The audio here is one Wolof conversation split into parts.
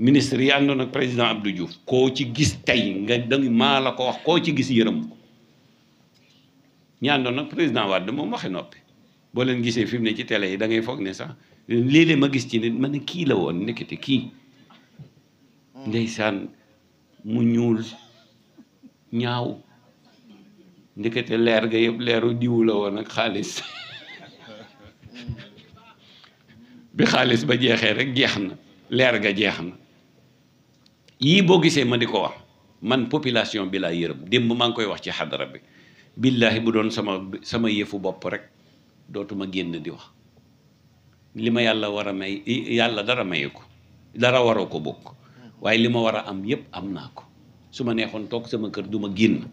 ministre yi àndoon ak président Abdou Diouf koo ci gis tey nga dang maa la ko wax koo ci gis yërëm ko ñi àndoon ak président Wade moom waxe noppi boo leen gisee fi mu ne ci télé yi dangay foog ne sax lii léeg ma gis ci nit ma ne kii la woon nekkete kii ndeysaan mu ñuul ñaaw ndekete leer ga yëpp leeru diwu la woon ak xaalis bi xaalis ba jeexee rek jeex na leer ga jeex na yii boo gisee ma di ko wax man population bi laa yërëm démb maa ngi koy wax ci xadara bi billaahi bu doon sama sama yëfu bopp rek dootuma génn di wax li ma yàlla war a may yàlla dara maye ko dara waroo ko bokk waaye li ma war a am yépp am naa ko su ma neexoon toog sama kër du ma génn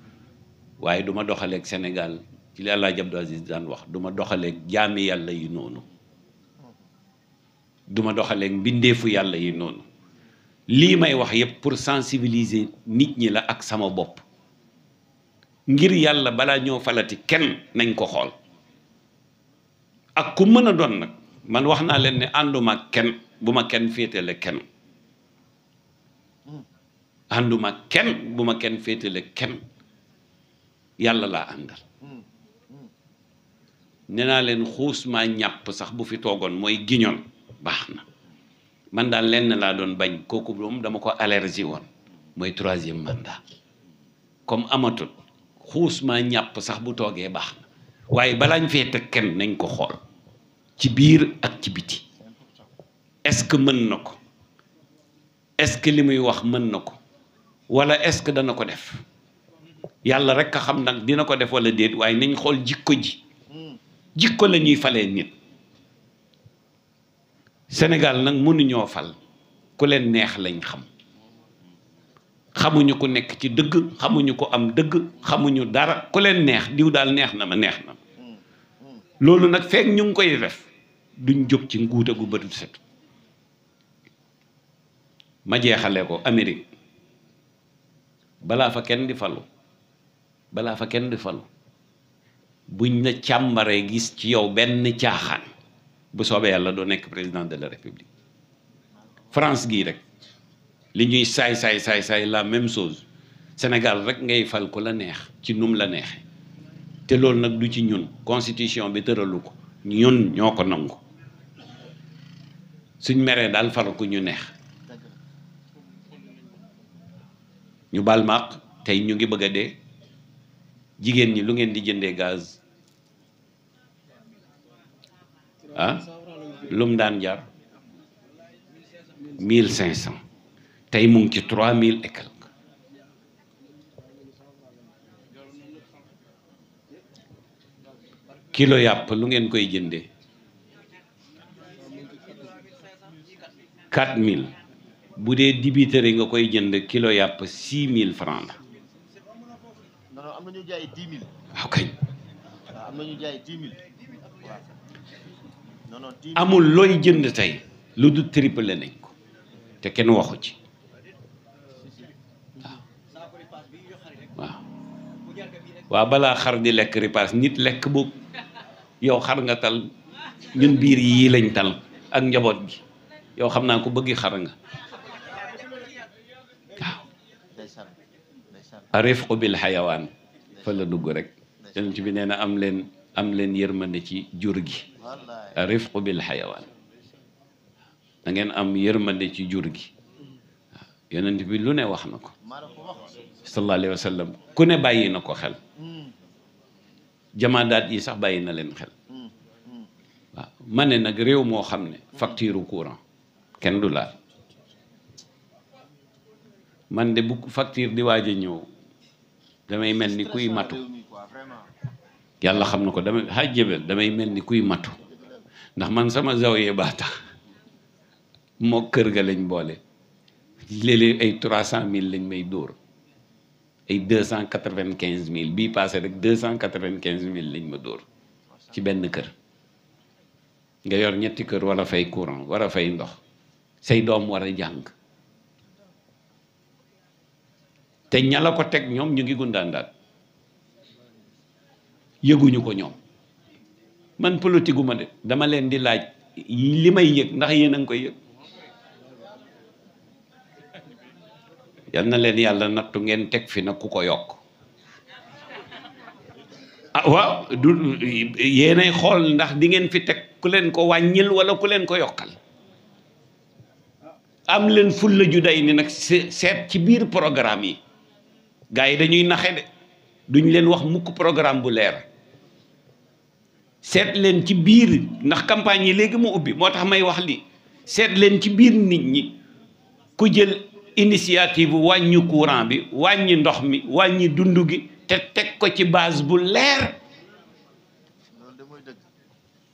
waaye duma doxaleek doxaleeg Sénégal ci li Alaaji Abdou daan wax duma ma doxaleeg jaami yàlla yi noonu duma ma doxaleeg mbindeefu yàlla yi noonu lii may wax yépp pour sensibiliser nit ñi la ak sama bopp ngir yàlla balaa ñoo falati kenn nañ ko xool ak ku mën a doon nag man wax naa leen ne ànduma kenn bu ma kenn féetale kenn ànduma kenn bu ma kenn féetale kenn yàlla laa àndal nee naa leen xuus maa ñàpp sax bu fi toogoon mooy giñoon baax na man daal lenn laa doon bañ kooku moom dama ko allergie woon mooy troisième mandat comme amatul xuus maa ñàpp sax bu toogee baax na waaye balaañ fee teg kenn nañ ko xool ci biir ak ci biti est-ce que mën na ko est-ce que li muy wax mën na ko wala est-ce que dana ko def yàlla rek a xam nag dina ko def wala déet waaye nañ xool jikko ji jikko la ñuy falee nit Sénégal nag mënuñoo fal ku leen neex lañ xam xamuñu ku nekk ci dëgg xamuñu ko am dëgg xamuñu dara ku leen neex diw daal neex na ma neex na ma loolu nag feek ñu ngi koy ref duñ jóg ci nguute gu bëtul set ma jeexale ko Amérique balaa fa kenn di falu balaa fa kenn di falu buñ la càmbaree gis ci yow benn caaxaan bu soobee yàlla doo nekk président de la république France gii rek li ñuy saay saay saay saay la même chose Sénégal rek ngay fal ku la neex ci num la neexee te loolu nag du ci ñun constitution bi tëralu ko ñun ñoo ko nangu suñ meree daal fal ku ñu neex ñu baal maaq tey ñu ngi bëgg a dee jigéen ñi lu ngeen di jëndee gaz ah lum daan jar mille cinq cent tey mu ngi ci trois mille et kilo yàpp lu ngeen koy jënde quatre mille bu dee dibiteri nga koy jënd kilo yàpp six mille franc la. jaay amul looy jënd tey lu du triple nañ ko te kenn waxu ci waaw waaw balaa xar di lekk ripaas nit lekk boobu yow xar nga tal ñun biir yii lañ tal ak njaboot gi yow xam naa ko bëgg xar nga waaw arifqu bil xayawaan fa la dugg rek yonent bi nee na am leen am leen yërmande ci jur gi rifqu bil xayawaan da ngeen am yërmande ci jur gi yonent bi lu ne wax na ko sallallahu alayhi ku ne bàyyi na ko xel jamaadaat yi sax bàyyi na leen xel waaw ne nag réew moo xam ne facture courant kenn du laal man de bu facture di waaj a damay mel ni kuy matu yàlla xam na ko damay xaaj jëbel damay mel ni kuy mattu ndax man sama zawiya baa tax moo kër ga lañ boole léeg-léeg ay trois cent mille lañ may dóor ay deux cent quatre vingt quinze mille bii passé rek deux cent quatre vingt quinze mille lañ ma dóor ci benn kër nga yor ñetti kër war a fay courant war a fay ndox say doom war a jàng te ñal la ko teg ñoom ñu ngi gundaandaat yëguñu ko ñoom man politique ma de dama leen di laaj li may yëg ndax yéen a ngi koy yëg yal na leen yàlla nattu ngeen teg fi nag ku ko yokk ah waaw du yéenay xool ndax di ngeen fi teg ku leen ko wàññil wala ku leen ko yokkal am leen fulla ju day ni nag seet ci biir programme yi gars yi dañuy naxe de duñ leen wax mukk programme bu leer seet leen ci biir ndax campagne yi léegi mu ubbi moo tax may wax li seet leen ci biir nit ñi ku jël initiative wàññi courant bi wàññi ndox mi wàññi dund gi te teg ko ci baas bu leer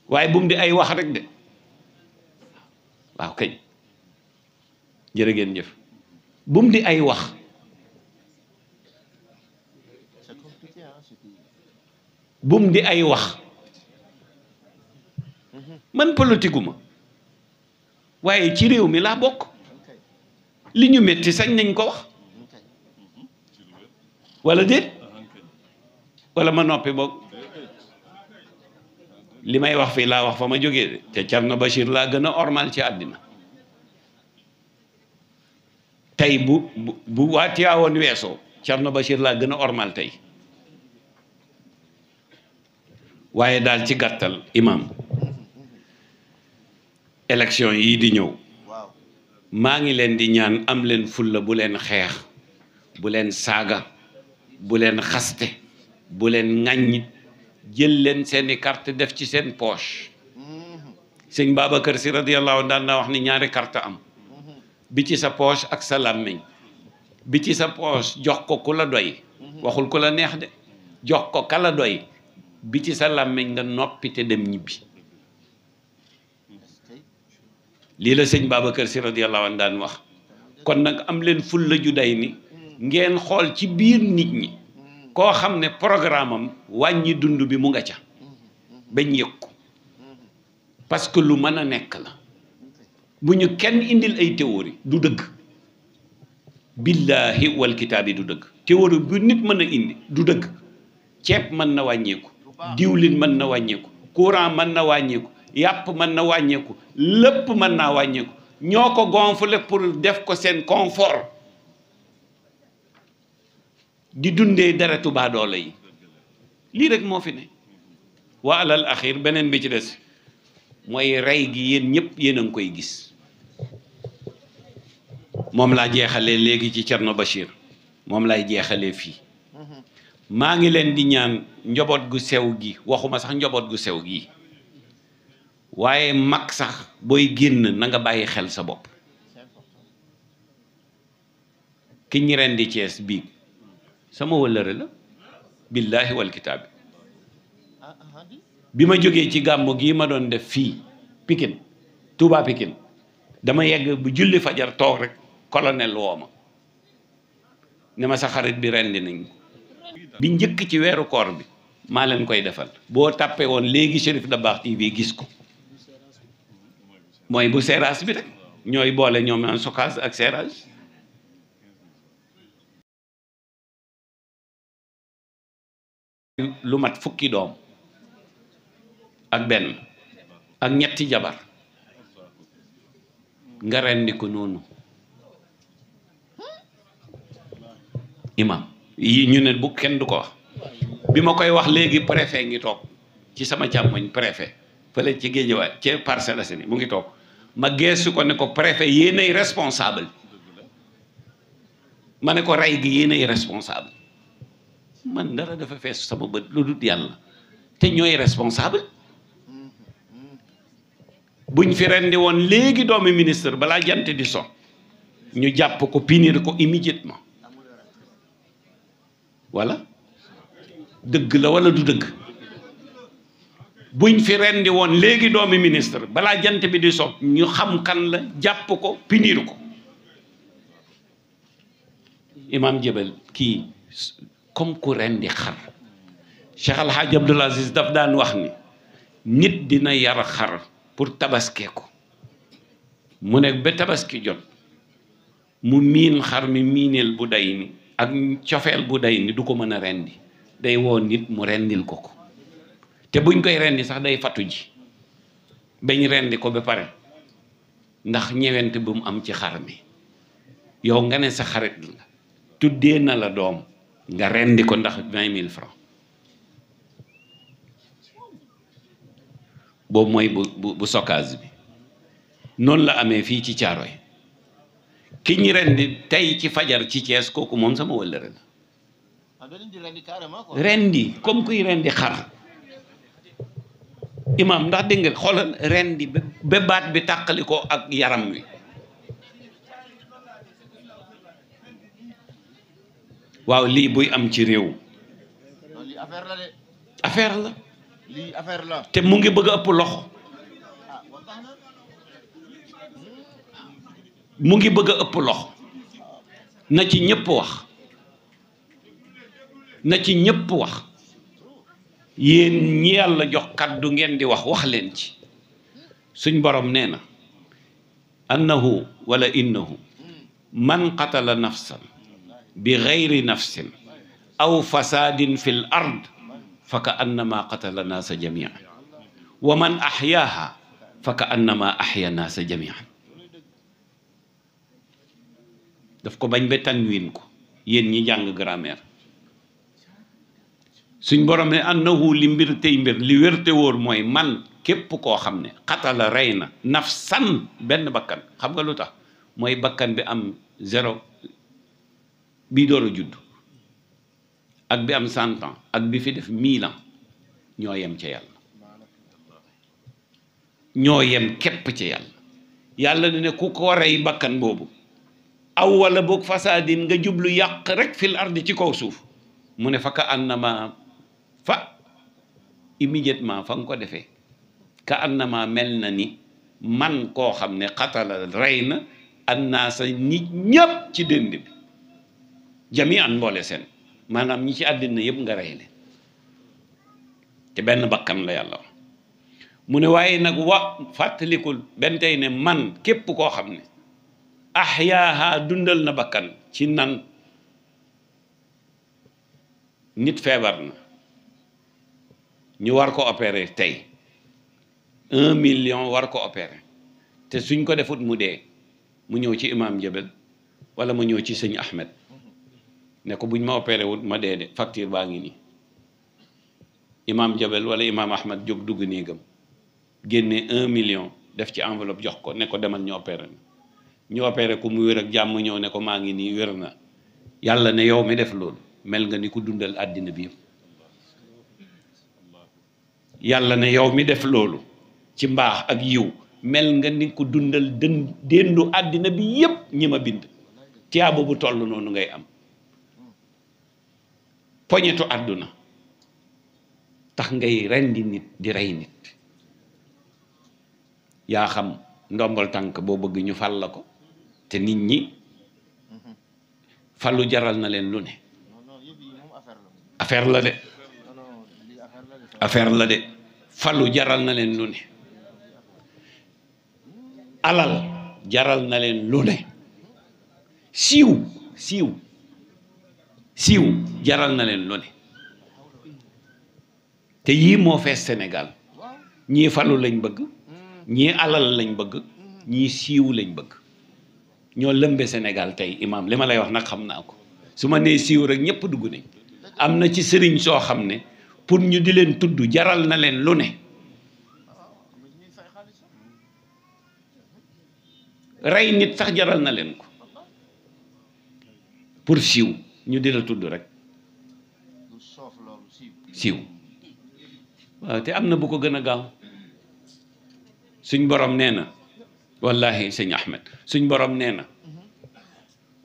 waaye bu mu di ay wax rek de waaw kañ jërë ngeen jëf bu mu di ay wax bu di ay wax man politique waaye ci réew mi laa bokk li ñu metti sañ nañ ko wax wala déet wala ma noppi boog li may wax fii laa wax fa ma jógee de te Thierno Bachir laa gën a ormal ci àddina tey bu bu waa Tiwaawoon weesoo Thierno Bachir laa gën a ormal tey waaye daal ci gàttal imam élection yii di ñëw maa ngi leen di ñaan am leen fulla bu leen xeex bu leen saaga bu leen xaste bu leen ŋàññit jël leen seeni kart def ci seen poche mm-hmm. sëñ Babacar si radiyallahu anhu daan naa wax ni ñaari carte am mm-hmm. bi ci sa poche ak sa làmmiñ bi ci sa poche jox ko ku la doy mm-hmm. waxul ku la neex de jox ko ka la doy bi ci sa làmmiñ nga noppi te dem ñibbi lii la sëñ Babacar si radiyallahu anhu daan wax kon nag am leen fulla ju day ni ngeen xool ci biir nit ñi koo xam ne programme wàññi dund bi mu nga ca bañ yëg ko parce que lu mën a nekk la bu ñu kenn indil ay théorie du dëgg billahi wal kitaabi du dëgg théorie bu nit mën a indi du dëgg ceeb mën na wàññeeku diwlin mën na wàññeeku courant mën na wàññeeku yàpp mën na wàññeeku lépp mën naa wàññiku ñoo ko gonfle pour def ko seen confort di dundee deretu baadoolo yi lii rek moo fi ne wa alal axir beneen bi ci des mooy rey gi yéen ñëpp yéen a ngi koy gis moom laa jeexale léegi ci Cerno Bachir moom lay jeexale fii mhm. maa ngi leen di ñaan njaboot gu sew gi waxuma sax njaboot gu sew gi waaye mag sax booy génn nanga bàyyi xel sa bopp ki ñi ren di Cees bii sama wëllëre la billaahi wal kitaabi bi ma jógee ci gàmmu gi ma doon def fii pikin Touba Pikine dama yegg bu julli fajar toog rek colonel woo ma ne ma sa xarit bi rendi nañ bi njëkk ci weeru koor bi maa leen koy defal boo tàppee woon léegi Chérif Dabakh TV gis ko mooy bu serrage bi rek ñooy boole ñoom naan ak serrage lu mat fukki doom ak benn ak ñetti jabar nga rendi ko noonu imam yi ñu ne bu kenn du ko wax bi ma koy wax léegi préfet ngi toog ci sama càmmoñ préfet fële ci géejewaay ci Parcelles Assainies mu ngi toog ma geesu ko ne ko préfet yéenay responsable ma ne ko rey gi yéenay responsable man dara dafa fees sama bët lu dut yàlla te ñooy responsable buñ fi rendi woon léegi doomi ministre balaa jant di so ñu jàpp ko punir ko immédiatement voilà dëgg la wala du dëgg buñ fi rendi woon léegi doomi ministre balaa jant bi di soob ñu xam kan la jàpp ko punir ko imam jëbal kii comme ku rendi xar Cheikh Al Hadj Abdoul Aziz daf daan wax ni nit dina yar a xar pour tabaskee ko mu nekk ba tabaski jot mu miin xar mi miineel bu day ni ak cofeel bu day ni du ko mën a rendi day woo nit mu rendil ko ko te buñ koy rendi sax day fattu ji bañ rendi ko ba pare ndax ñewent bu mu am ci xar mi yow nga ne sa xarit la tuddee na la doom nga rendi ko ndax vingt mille francs boobu mooy bu bu bi noonu la amee fii ci Caaroy ki ñu rendi tey ci fajar ci Thiès kooku moom sama wëllëre la ah, rendi comme kuy rendi xar imaam ndax dégg ngeen xoolal ren di ba baat bi tàqali ak yaram wi waaw lii buy am ci réew affaire la te mu ngi bëgg a ëpp loxo ah, hmm? mu ngi bëgg a ëpp lox na ci ñëpp wax na ci ñëpp wax yéen ñi yàlla jox kàddu ngeen di wax wax leen ci suñ borom nee na annahu wala innahu man qatala nafsan bi gayri nafsin aw fasaadin fi l ard fa ka annama qatala naasa jamian wa man axyaaha fa ka annama axya naasa jamian daf ko bañ ba tanwin ko yéen ñi jàng grammaire suñ borom ne annahu li mbir tey mbir li wérte mooy man képp koo xam ne xatala rey na nafsan benn bakkan xam nga lu tax mooy bakkan bi am zéro bi door a judd ak bi am cent ans ak bi fi def mille ñoo yem ca yàlla ñoo yem képp ca yàlla yàlla ne ku ko rey bakkan boobu aw wala boog fasaadin nga jublu yàq rek fil ardi ci kaw suuf mu ne fa ka annama fa immédiatement fa nga ko defe ka annama mel na ni man koo xam ne xatala rey na annaasa nit ñëpp ci dënd bi jami mboole seen maanaam ñi ci àddina yëpp nga rey leen te benn bakkan la yàlla wax mu ne waaye nag wa fàttalikul benn tey ne man képp koo xam ne ahyaaha dundal na bakkan ci nan nit feebar na ñu war ko opérer tey un million war ko opérer te suñ ko defut mu dee mu ñëw ci imam Jabel wala ma ñëw ci sëñ Ahmed ne ko buñ ma opéré wut ma dee de facture baa ngi nii imam Jabel wala imam Ahmed jóg dugg néegam génne un million def ci enveloppe jox ko ne ko demal ñu opéré na ñu opéré ko mu wér ak jàmm ñëw ne ko maa ngi nii wér na yàlla ne yow mi def loolu mel nga ni ku dundal àddina bi yàlla ne yow mi def loolu ci mbaax ak yiw mel nga ni ko dundal dën àddina bi yépp ñi ma bind tiyaaba bu toll noonu ngay am poñetu àdduna tax ngay rendi nit di rey nit yaa xam ndombal tànk boo bëgg ñu fal la ko te nit ñi mm-hmm. falu jaral na leen lu ne affaire la de affaire la de falu jaral na leen lu ne alal jaral na leen lu ne siiw siiw siiw jaral na leen lu ne te yii moo fees senegal ñii falu lañ bëgg ñii alal lañ bëgg ñii siiw lañ bëgg ñoo lëmbe senegal tey imam li ma lay wax nag xam naa ko su ma nee siiw rek ñépp dugg nañ am na ci sëriñ soo xam ne pour ñu di leen tudd jaral na leen lu ne rey nit sax jaral na leen ko pour siiw ñu di la tudd rek siiw te am na bu ko gën a gaaw suñ borom nee na wallahi sëñ Ahmed suñ borom nee na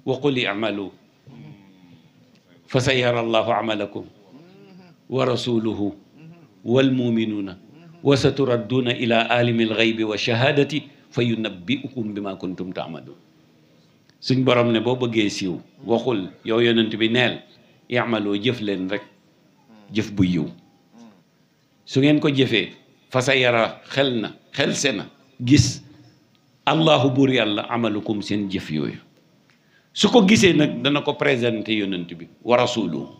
wa qul i'malu fa sayara allahu amalakum wa rasuluhu wal muminuuna wa sa turadduuna ila alimi alxaybi wa shahaadati fa yunabbiukum bima kuntum taamaluun suñ borom ne boo bëggee siiw waxul yow yonent bi neel yaamaloo jëf leen rek jëf bu yiw su ngeen ko jëfee fa sa yara xel na xel se na gis allahu buur yàlla amalukum seen jëf yooyu su ko gisee nag dana ko présenté yonent bi wa rasuluhu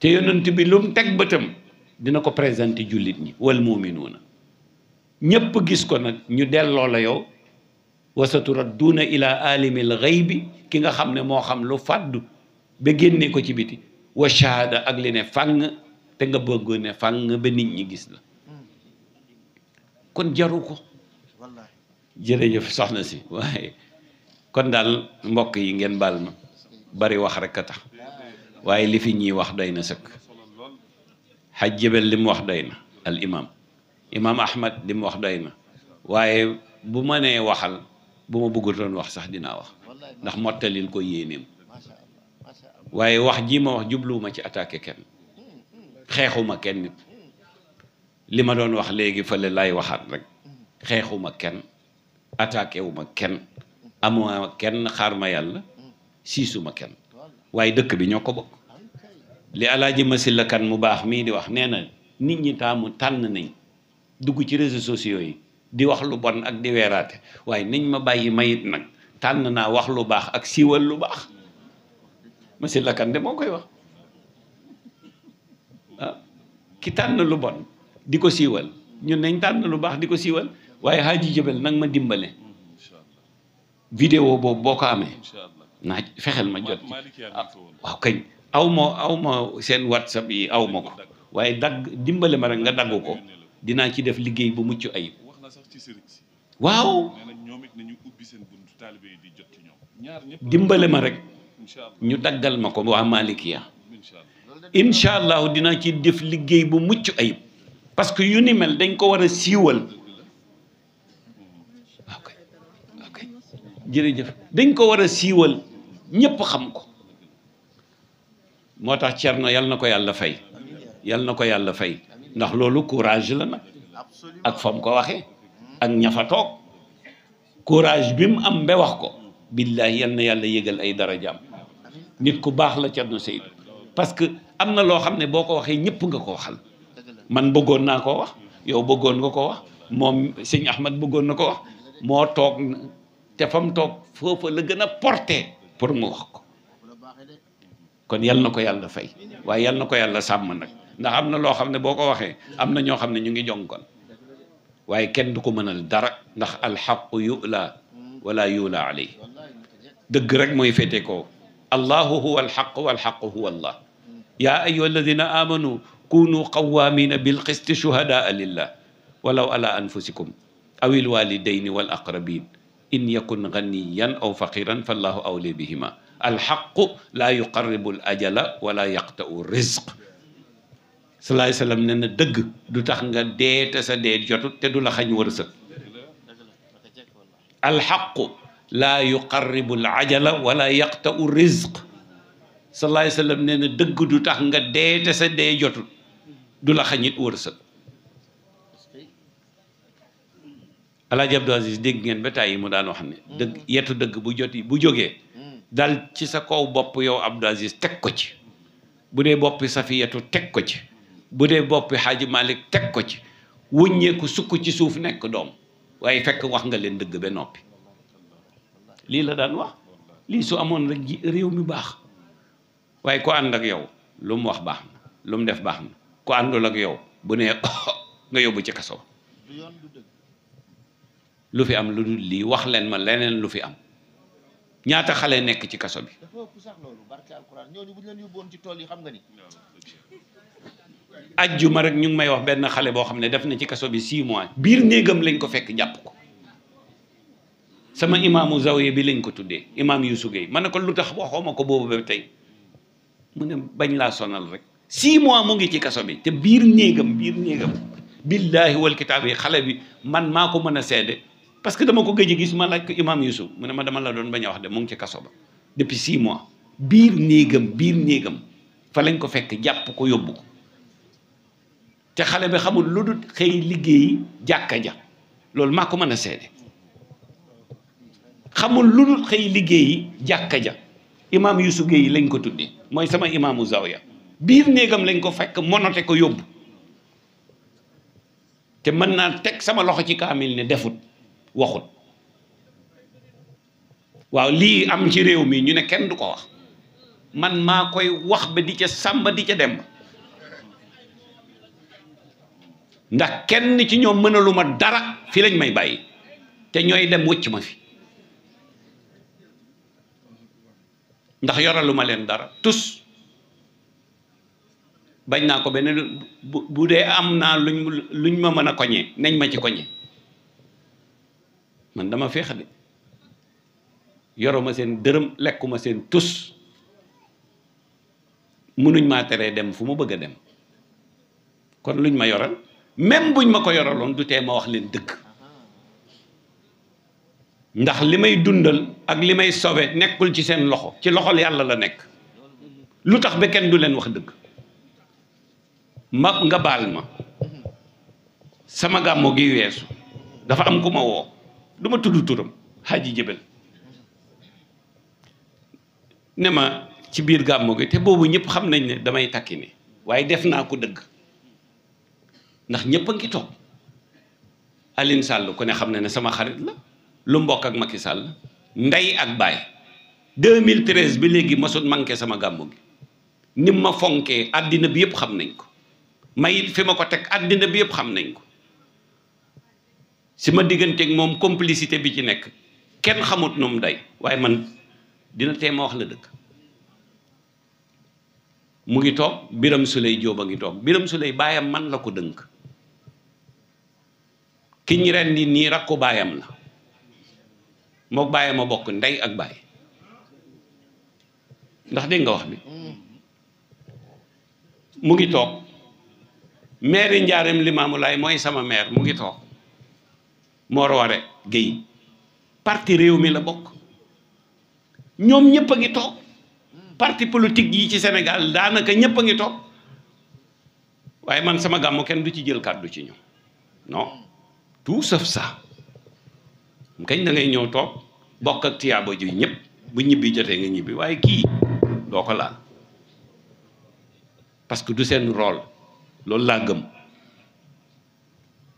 te yonent bi lu mu teg bëtam dina ko présenter jullit ñi wal muminuuna ñépp gis ko nag ñu delloo la yow wasatu radduuna ila alimil bi ki nga xam ne moo xam lu fàddu ba génne ko ci biti wa shahada ak li ne fàng te nga bëgg ne fàng ba nit ñi gis la kon jaru ko jërëjëf soxna si waaye kon daal mbokk yi ngeen baal ma bari wax rekk a tax waaye li fi ñuy wax doy na sëkk xaj jëbel li mu wax doy na al imam imam ahmad li wax doy na waaye bu ma nee waxal bu ma bëggutoon wax sax dina wax ndax mottalil ko yéeneem waaye wax ji ma wax jubluwuma ci attaqué kenn xeexuma kenn nit li ma doon wax léegi fële lay waxaat rek xeexuma kenn attaqué wu ma kenn amuma kenn xaar ma yàlla siisuma kenn waaye dëkk bi ñoo ko bokk li alaaji masila kan mu baax mii di wax nee na nit ñi taamu tànn nañ dugg ci réseaux sociaux yi di wax lu bon ak di weeraate waaye nañ ma bàyyi mayit nag tànn naa wax lu baax ak siiwal lu baax masila kan de moo koy wax ah, ki tànn lu bon di ko siiwal ñun nañ tànn lu baax di ko siiwal waaye xaaji jëbel nag ma dimbale vidéo boobu boo ko amee naa fexeel ma jot ci ah, waaw kañ aw ma aw ma seen whatsapp yi aw ma ko waaye dagg dimbale ma rek nga dagg ko dinaa ci def liggéey bu mucc ayib waaw dimbale ma rek ñu daggal ma ko waa Malikiya incha allahu dinaa ci def liggéey bu mucc ayib parce que yu ni mel dañ ko war a siiwal dañ ko war siiwal ñépp xam ko moo tax Cerno yal na ko yàlla fay yal na ko yàlla fay ndax loolu courage la nag ak fam ko waxee ak ñafa toog courage bi mu am ba wax ko billahi yal na yàlla yëgal ay dara darajaam nit ku baax la Cerno Seydou parce que am na loo xam ne boo ko waxee ñëpp nga ko waxal man bëggoon naa koo wax yow bëggoon nga ko wax moom sëñ Ahmad bëggoon na ko wax moo toog te fam toog foofa la gën a porté pour mu wax ko kon yal na ko yàlla fay waaye yal na ko yàlla sàmm nag ndax am na loo xam ne boo ko waxee am na ñoo xam ne ñu ngi jonkon waaye kenn du ko mënal dara ndax alxaqu yula wala yula alay dëgg rek mooy féete ko allahu huwa alxaq walxaqu huwa allah yaa ayuha alladina amanu kunu qawamina bilqisti shuhadaa lillah walaw ala anfusikum aw ilwalidayni wal aqrabin in yakun ganiyan aw faqiran fa allahu awle bihima alxaqu laa yuqarribu l ajala wala yaqta'u rizq salaay salaam ne na dëgg du tax nga dee te sa dee jotut te du la xañ wërsëg alxaqu laa yuqarribu l ajala wala yaqta'u rizq salaay salaam ne na dëgg du tax nga dee te sa dee jotut du la xañit wërsëg alaaji Abdou Aziz dégg ngeen ba tàyyi mu daan wax ne mm. dëgg yetu dëgg bu jot yi bu jógee mm. dal ci sa kaw bopp yow Abdou Aziz teg ko ci bu dee boppi safiyatu teg ko ci bu dee boppi xaaji Malick teg ko ci wëññeeku sukk ci suuf nekk doom waaye fekk wax nga leen dëgg ba noppi lii la daan wax lii su amoon rek ji réew mi baax waaye ku ànd ak yow lu mu wax baax na lu def baax na ku àndul ak yow bu nee nga yóbbu ci kaso lu fi am lu dul lii wax leen ma leneen lu fi am ñaata xale nekk ci kaso bi. sax loolu barke bu ñu leen yóbboon tool yi xam nga ni. ajjuma rek ñu ngi may wax benn xale boo xam ne def na ci kaso bi 6 mois biir néegam lañ ko fekk jàpp ko sama imaamu zawiya bi lañ ko tuddee imaam Youssou Gueye man ne ko lu tax waxoo ma ko boobu ba tey mu ne bañ laa sonal rek 6 mois mu ngi ci kaso bi te biir néegam biir néegam billaahi wal xale bi man maa ko mën a seede. parce que dama ko gëj a gis ma laaj ko imam Youssouf mu ne ma dama la doon bañ a wax de mu ngi ci kaso ba depuis six mois biir néegam biir néegam fa lañ ko fekk jàpp ko yóbbu ko te xale bi xamul lu dul xëy liggéey jàkka ja loolu maa ko mën a seede xamul lu xëy liggéey jàkka ja imam Youssou Gueye lañ ko tuddee mooy sama imaamu Zawiya biir néegam lañ ko fekk monote ko yóbbu te mën naa teg sama loxo ci kaamil ne defut waxul waaw lii am ci réew mi ñu ne kenn du ko wax man maa koy wax ba di ca sàmba di ca dem ndax kenn ci ñoom mënaluma dara fii lañ may bàyyi te ñooy dem wëcc ma fi ndax yoraluma leen dara tus bañ naa ko benn bu dee am naa luñ luñ ma mën a koñee nañ ma ci koñee man dama féex de yoruma seen dërëm lekkuma seen tus munuñ maa teree dem fu mu bëgg a dem kon luñ ma yoral même buñ ma ko yoraloon du tee ma wax leen dëkk ndax li may dundal ak li may sobe nekkul ci seen loxo ci loxol yàlla la nekk lu tax ba kenn du leen wax dëkk ma nga baal ma sama gàmmo gi weesu dafa am ku ma woo duma tudd turam xaaji jëbel ne ma ci biir gàmmu gi te boobu ñëpp xam nañ ne damay takki ne waaye def naa ko dëgg ndax ñëpp a ngi toog Aline Sall ku ne xam na ne sama xarit la lu mbokk ak ki sàll ndey ak baay 2013 bi léegi masul manqué sama gàmmu gi ni ma fonkee àddina bi yëpp xam nañ ko mayit fi ma ko teg àddina bi yëpp xam nañ ko si ma digganteeg moom complicité bi ci nekk kenn xamut nu mu day waaye man dina tee ma wax la dëkk mu ngi toog biram suley jóob a ngi toog biram suley baayam man la ko dënk ki ñi ren di nii rakku baayam la mook baayam a bokk ndey ak baay ndax dégg nga wax bi mu ngi toog maire yi njaareem limaamu laay mooy sama meer mu ngi toog Mor Waré Guèye parti réew mi la bokk ñoom ñëpp a ngi toog parti politique yi ci Sénégal daanaka ñëpp a ngi toog waaye man sama gàmmu kenn du ci jël kàddu ci ñoom non tout sauf ça kañ dangay ngay ñëw toog bokk ak tiyaaba ji ñëpp bu ñibbi jotee nga ñibbi waaye kii doo ko laal parce que du seen rôle loolu laa gëm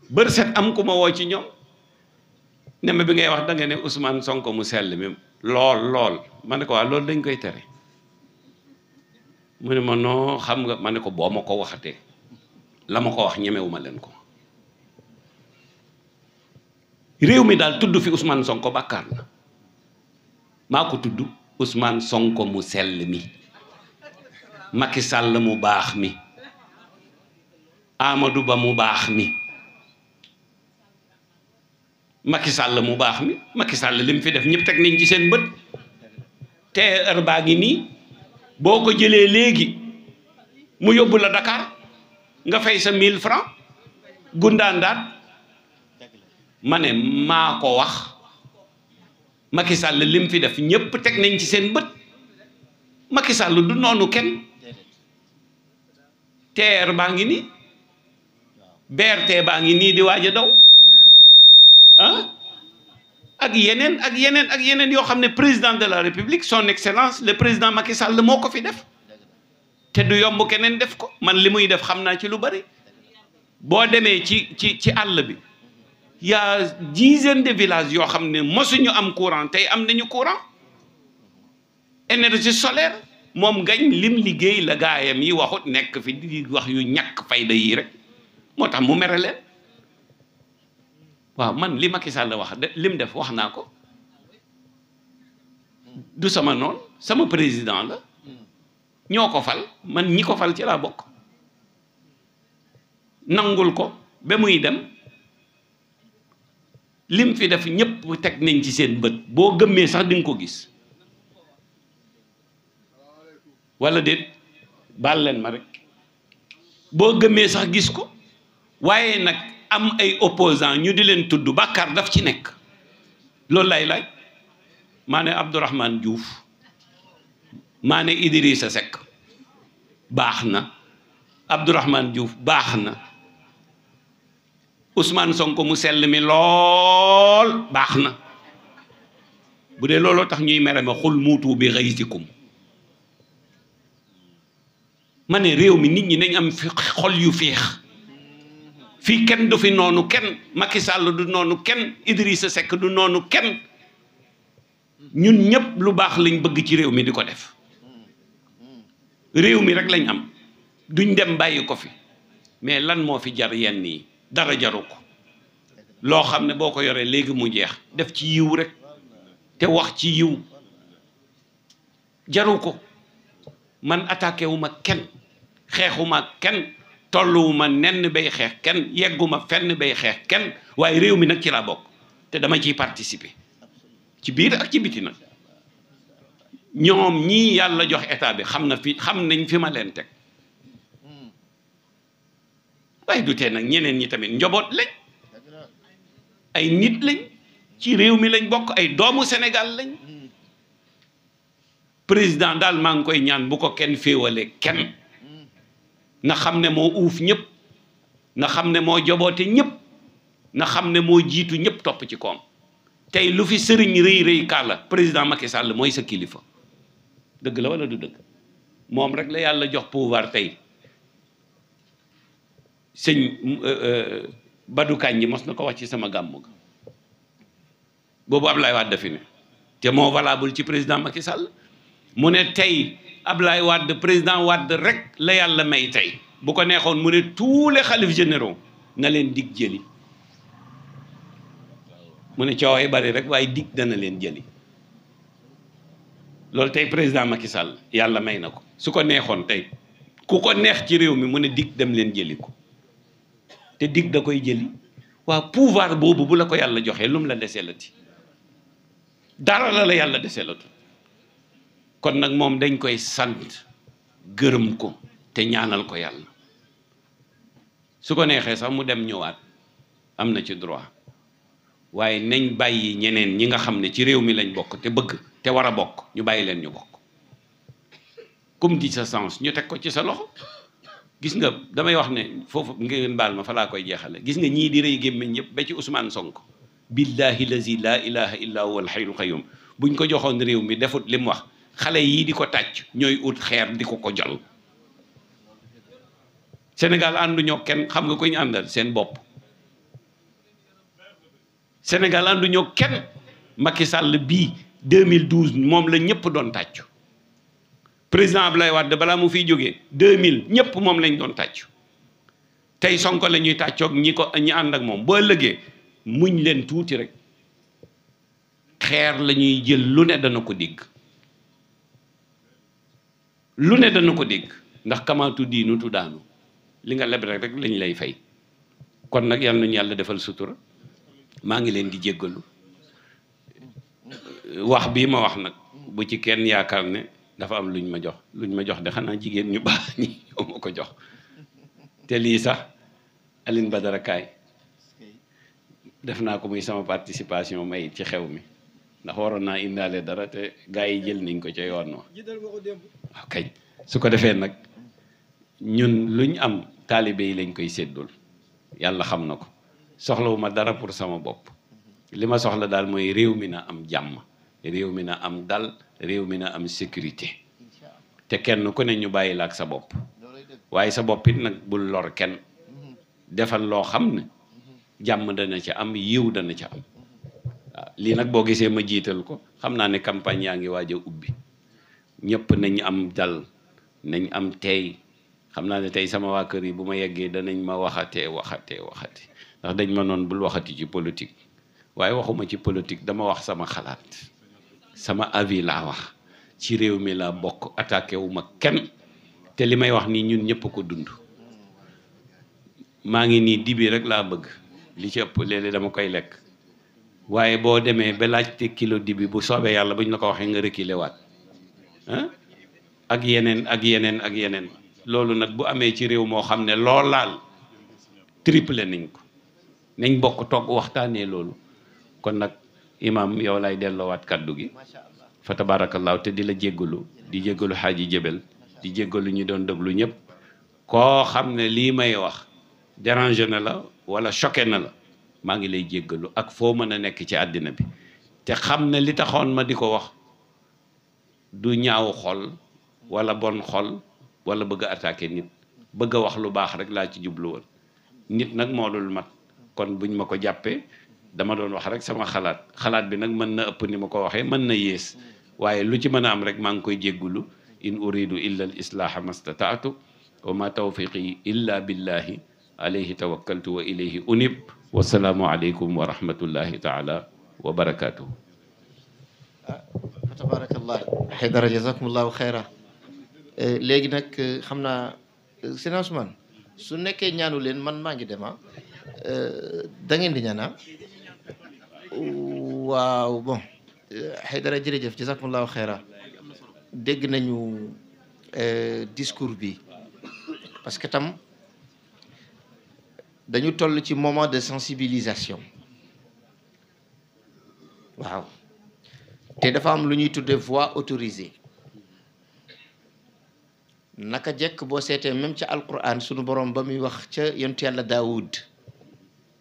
bër set am ku ma woo ci ñoom. ne bi ngay wax danga ne Ousmane Sonko mu sell mi lool lool ma ne ko waa loolu dañ koy tere mu ne ma noo xam nga ma ne ko boo ma ko waxatee la ma ko wax ñemewuma leen ko réew mi daal tudd fi usman Sonko bàkkaar maa ko tudd Ousmane Sonko mu sell mi Macky Sall mu baax mi Amadou Ba mu baax mi Macky Sall mu baax mi Macky Sall li mu fi def ñëpp teg nañ ci seen bët TER baa ngi nii boo ko jëlee léegi mu yóbbu la Dakar nga fay sa 1000 francs gundaandaat ma ne maa ko wax Macky Sall li mu fi def ñëpp teg nañ ci seen bët Macky Sall du noonu kenn TER baa ngi nii BRT baa ngi nii di waaj daw ak yeneen ak yeneen ak yeneen yoo xam ne président de la république son excellence le président Macky Sall moo ko fi def te du yomb keneen def ko man li muy def xam naa ci lu bari boo demee ci ci ci àll bi y a dizaine de villages yoo xam ne mosuñu am courant tey am nañu courant énergie solaire moom gañ lim liggéey la gaayam yi waxut nekk fi di wax yu ñàkk fayda yi rek moo tax mu mere leen waaw man li Macky Sall la wax de lim def wax naa ko du sama noon sama président la ñoo ko fal man ñi ko fal ci laa bokk nangul ko ba muy dem lim fi def ñépp teg nañ ci seen bët boo gëmmee sax di ko gis walla déet baal leen ma rek boo gëmmee sax gis ko waaye nag am ay opposant ñu di leen tudd bàkkaar daf ci nekk loolu lay laaj maane ne Abdourahmane Diouf maa ne Idrissa Seck baax na Abdourahmane juuf baax na usmaan Sonko mu sell mi lool baax na bu dee looloo tax ñuy mere ma xul muutu bi ghayzikum ma ne réew mi nit ñi nañ am xol yu féex fii kenn du fi noonu kenn Macky Sall du noonu kenn Idrissa sekk du noonu kenn ñun ñëpp lu baax lañ bëgg ci réew mi di ko def réew mi rek lañ am duñ dem bàyyi ko fi mais lan moo fi jar yenn yi dara jaru ko loo xam ne boo ko yoree léegi mu jeex def ci yiw rek te wax ci yiw jaru ko man attaqué wu ma kenn xeexuma kenn tolluwuma nenn bay xeex kenn yegguma fenn bay xeex kenn waaye réew mi nag ci laa bokk te dama ciy participer ci biir ak ci biti nag ñoom ñii yàlla jox état bi xam na fi xam nañ fi ma leen teg waaye du tee nag ñeneen ñi tamit njaboot lañ ay nit lañ ci réew mi lañ bokk ay doomu Sénégal lañ président daal maa ngi koy ñaan bu ko kenn féewale kenn na xam ne moo uuf ñëpp na xam ne moo joboote ñëpp na xam ne moo jiitu ñëpp topp ci koom tey lu fi sëriñ rëy rëy kaala président Macky Sall mooy sa kilifa dëgg la wala du dëgg moom rek la yàlla jox pouvoir tey sëñ euh, euh, Badou Kandji mos na ko wax ci sama gàmmu ga boobu am Wade dafi ne te moo valable ci président Macky Sall mu ne tey ab Ablaye Wade président Wade rek la yàlla may tey bu ko neexoon mu ne tous les xalif généraux na leen digg jëli mu ne coow bari rek waaye dig dana leen jëli loolu tey président Macky Sall yàlla may na ko su ko neexoon tey ku ko neex ci réew mi mu ne dig dem leen jëli ko te digg da koy jëli waa pouvoir boobu bu la ko yàlla joxee lu mu la deseelati dara la la yàlla deseelatu kon nag moom dañ koy sant gërëm ko te ñaanal ko yàlla su ko neexee sax mu dem ñëwaat am na ci droit waaye nañ bàyyi ñeneen ñi nga xam ne ci réew mi lañ bokk te bëgg te war a bokk ñu bàyyi leen ñu bokk comme dit sa sens ñu teg ko ci sa loxo gis nga damay wax ne foofu ngeen baal ma fa laa koy jeexale gis nga ñii di rey gémmiñ ñëpp ba ci sonk Sonko billahi lazi la ilaha illa huwa alhayyul qayyum buñ ko joxoon réew mi defut li wax xale yii di ko tàcc ñooy ut xeer di ko ko jol Sénégal ànduñoo kenn xam nga ko ñu àndal seen bopp Sénégal ànduñoo kenn Macky Sall bii 2012 moom la ñëpp doon tàccu président Abdoulaye Wade balaa mu fiy jógee 2000 ñëpp moom lañ doon tàccu tey Sonko lañuy ñuy tàccoog ñi ko ñi ànd ak moom boo ëllëgee muñ leen tuuti rek xeer la ñuy jël lu ne dana ko digg lu ne dana ko dégg ndax kamaatu diinu tu daanu li nga leb rek rek lañ lay fay kon nag yàlla nañ yàlla defal sutura maa ngi leen di jéggalu wax bii ma wax nag bu ci kenn yaakaar ne dafa am luñ ma jox luñ ma jox de xanaa jigéen ñu baax ñi yow ma ko jox te lii sax Aline Badara Kaay def naa ko muy sama participation may ci xew mi ndax waroon naa indaale dara te gaa yi jël nañ ko ca yoon wa waaw ah, su ko defee nag ñun luñ am taalibe lañ koy séddul yàlla xam na ko soxlawuma dara pour sama bopp li ma soxla daal mooy réew mi na am jàmm réew mi na am dal réew mi na am sécurité te kenn ku ne ñu bàyyi la ak sa bopp waaye sa bopp nag bul lor kenn mm-hmm. defal loo xam ne mm-hmm. jàmm dana ci am yiw dana ca am waaw lii nag boo gisee ma jiital ko xam naa ne campagne yaa ngi waaj ubbi ñépp nañ am dal nañ am tey xam naa ne tey sama waa kër yi bu ma yeggee danañ ma waxate waxatee waxate ndax dañ ma noon bul waxati ci politique waaye waxuma ci politique dama wax sama xalaat sama avis laa wax ci réew mi laa bokk attaqué wu ma kenn te li may wax nii ñun ñëpp ko dund maa ngi nii dibi rek laa bëgg li ci ëpp dama koy lekk waaye boo demee ba laajte kilo dibi bu soobee yàlla bu ñu la ko waxee nga reculer waat ah? ak yeneen ak yeneen ak yeneen loolu nag bu amee ci réew moo xam ne loolaal laal triple nañ ko nañ bokk toog waxtaanee loolu kon nag imaam yow lay delloowaat kaddu gi fa tabaarakallaahu te di la jéggalu di jéggalu xaaji jëbel di jéggalu ñu doon déglu ñëpp koo xam ne lii may wax déranger na la wala choqué na la maa ngi lay jéggalu ak foo mën a nekk ci àddina bi te xam ne li taxoon ma di ko wax du ñaaw xol walla bon xol wala bëgg a attaqué nit bëgg wax lu baax rek laa ci jublu woon nit nag moo dul mat kon buñ ma ko jàppee dama doon wax rek sama xalaat xalaat bi nag mën na ëpp ni ma ko waxee mën na yées waaye lu ci mën a am rek maa ngi koy jéggulu in uridu illa al islaaha mastataatu wa ma tawfiqi illa billahi alayhi tawakkaltu wa ilayhi unib wasalaamualeykum wa rahmatullahi taala wa barakaatu. fa tabarakallah Haydara jazakumullahu xayra eh, léegi nag eh, xam naa eh, sëñ Ousmane su nekkee ñaanu leen man maa ngi dema ah. da ngeen di ñaana ah. waaw bon Haydara jërëjëf jazakumullahu xayra dégg nañu discours bi parce que tam dañu toll ci moment de sensibilisation waaw te dafa am lu ñuy tudde voix autorisée naka jekk boo seetee même ca alquran sunu borom ba muy wax ca yontu yàlla daawud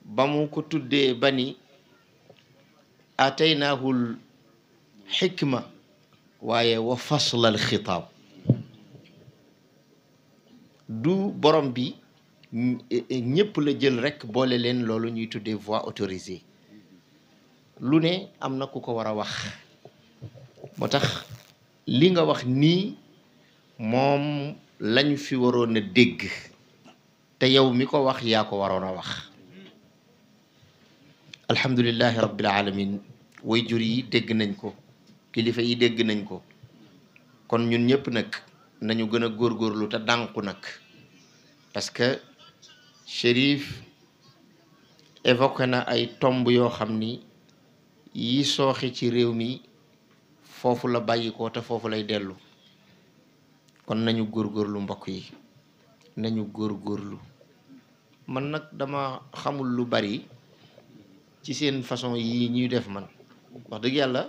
ba mu ko tuddee ba ni ataynaahul xikma waaye wa faslal xitaab du borom bi ñëpp la jël rekk boole leen loolu ñuy tuddee voix autorisée lu ne am na ku ko war a wax moo tax lii nga wax nii moom lañ fi waroon a dégg te yow mi ko wax yaa ko waroon a wax alhamdulillahi rabbil alamin way jur yi dégg nañ ko kilifa yi dégg nañ ko kon ñun ñëpp nag nañu gën a góorgóorlu te dànku nag parce que Chérif évoqué na ay tomb yoo xam ni yi sooxee ci réew mi foofu la bàyyikoo te foofu lay dellu kon nañu góorgóorlu mbokk yi nañu góor góorlu man nag dama xamul lu bari ci seen façon yi ñuy def man wax dëgg yàlla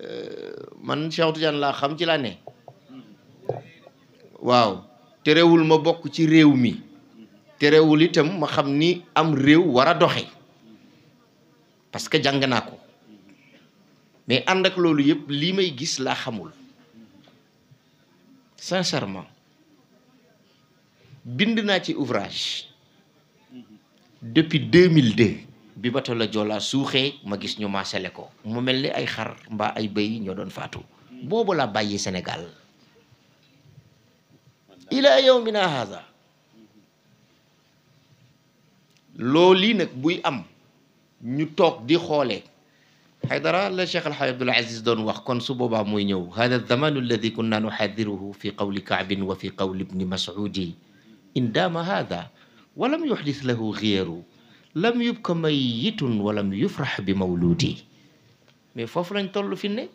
euh, man Cheikh Tidiane laa xam ci laa ne waaw terewul ma bokk ci réew mi terewul itam ma xam ni am réew war a doxe parce que jàng naa ko mais ànd loolu yëpp lii may gis laa xamul sincèrement bind naa ci ouvrage depuis 2002 bi bato la Joola suuxee ma gis ñu maasale ko mu mel ni ay xar mbaa ay bëy ñoo doon faatu boobu laa bàyyi Sénégal ila yawmina haza loolu nag buy am ñu toog di xoolee Haydara la Cheikh Alhaaj Abdul Aziz doon wax kon su boobaa mooy ñëw hada zamanu alladi kunna nuxaadiruhu fi qawli kaabin wa fi qawli ibni masudi in daama hada walam yuxdis lahu xiyaru lam yubka mayitun walam yufrax bi mawludi mais foofu lañ toll fi ne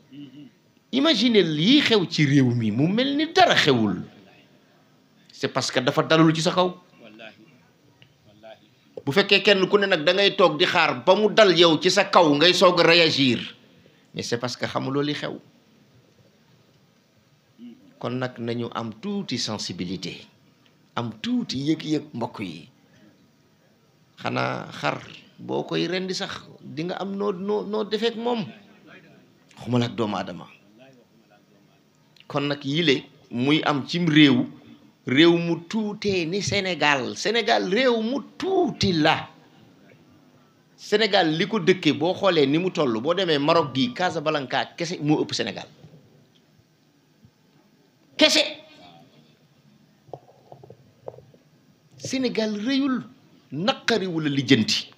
imagine lii xew ci réew mi mu mel ni dara xewul c'est parce que dafa dalul ci sa kaw bu fekkee kenn ku ne nag dangay toog di xaar ba mu dal yow ci sa kaw ngay soog a réagir mais c'est parce que xamuloo li xew kon nag nañu am tuuti sensibilité am tuuti yëg-yëg mbokk yi xanaa xar boo koy rendi sax dinga am noo noo noo defeek moom xuma la ak doomu adama kon nag yile muy am cim réew réew mu tuutee ni Sénégal Sénégal réew mu tuuti la senegal li ko dëkkee boo xoolee ni mu toll boo demee Maroc gii Casablanca kese moo ëpp senegal kese senegal réyul naqariwul li jënti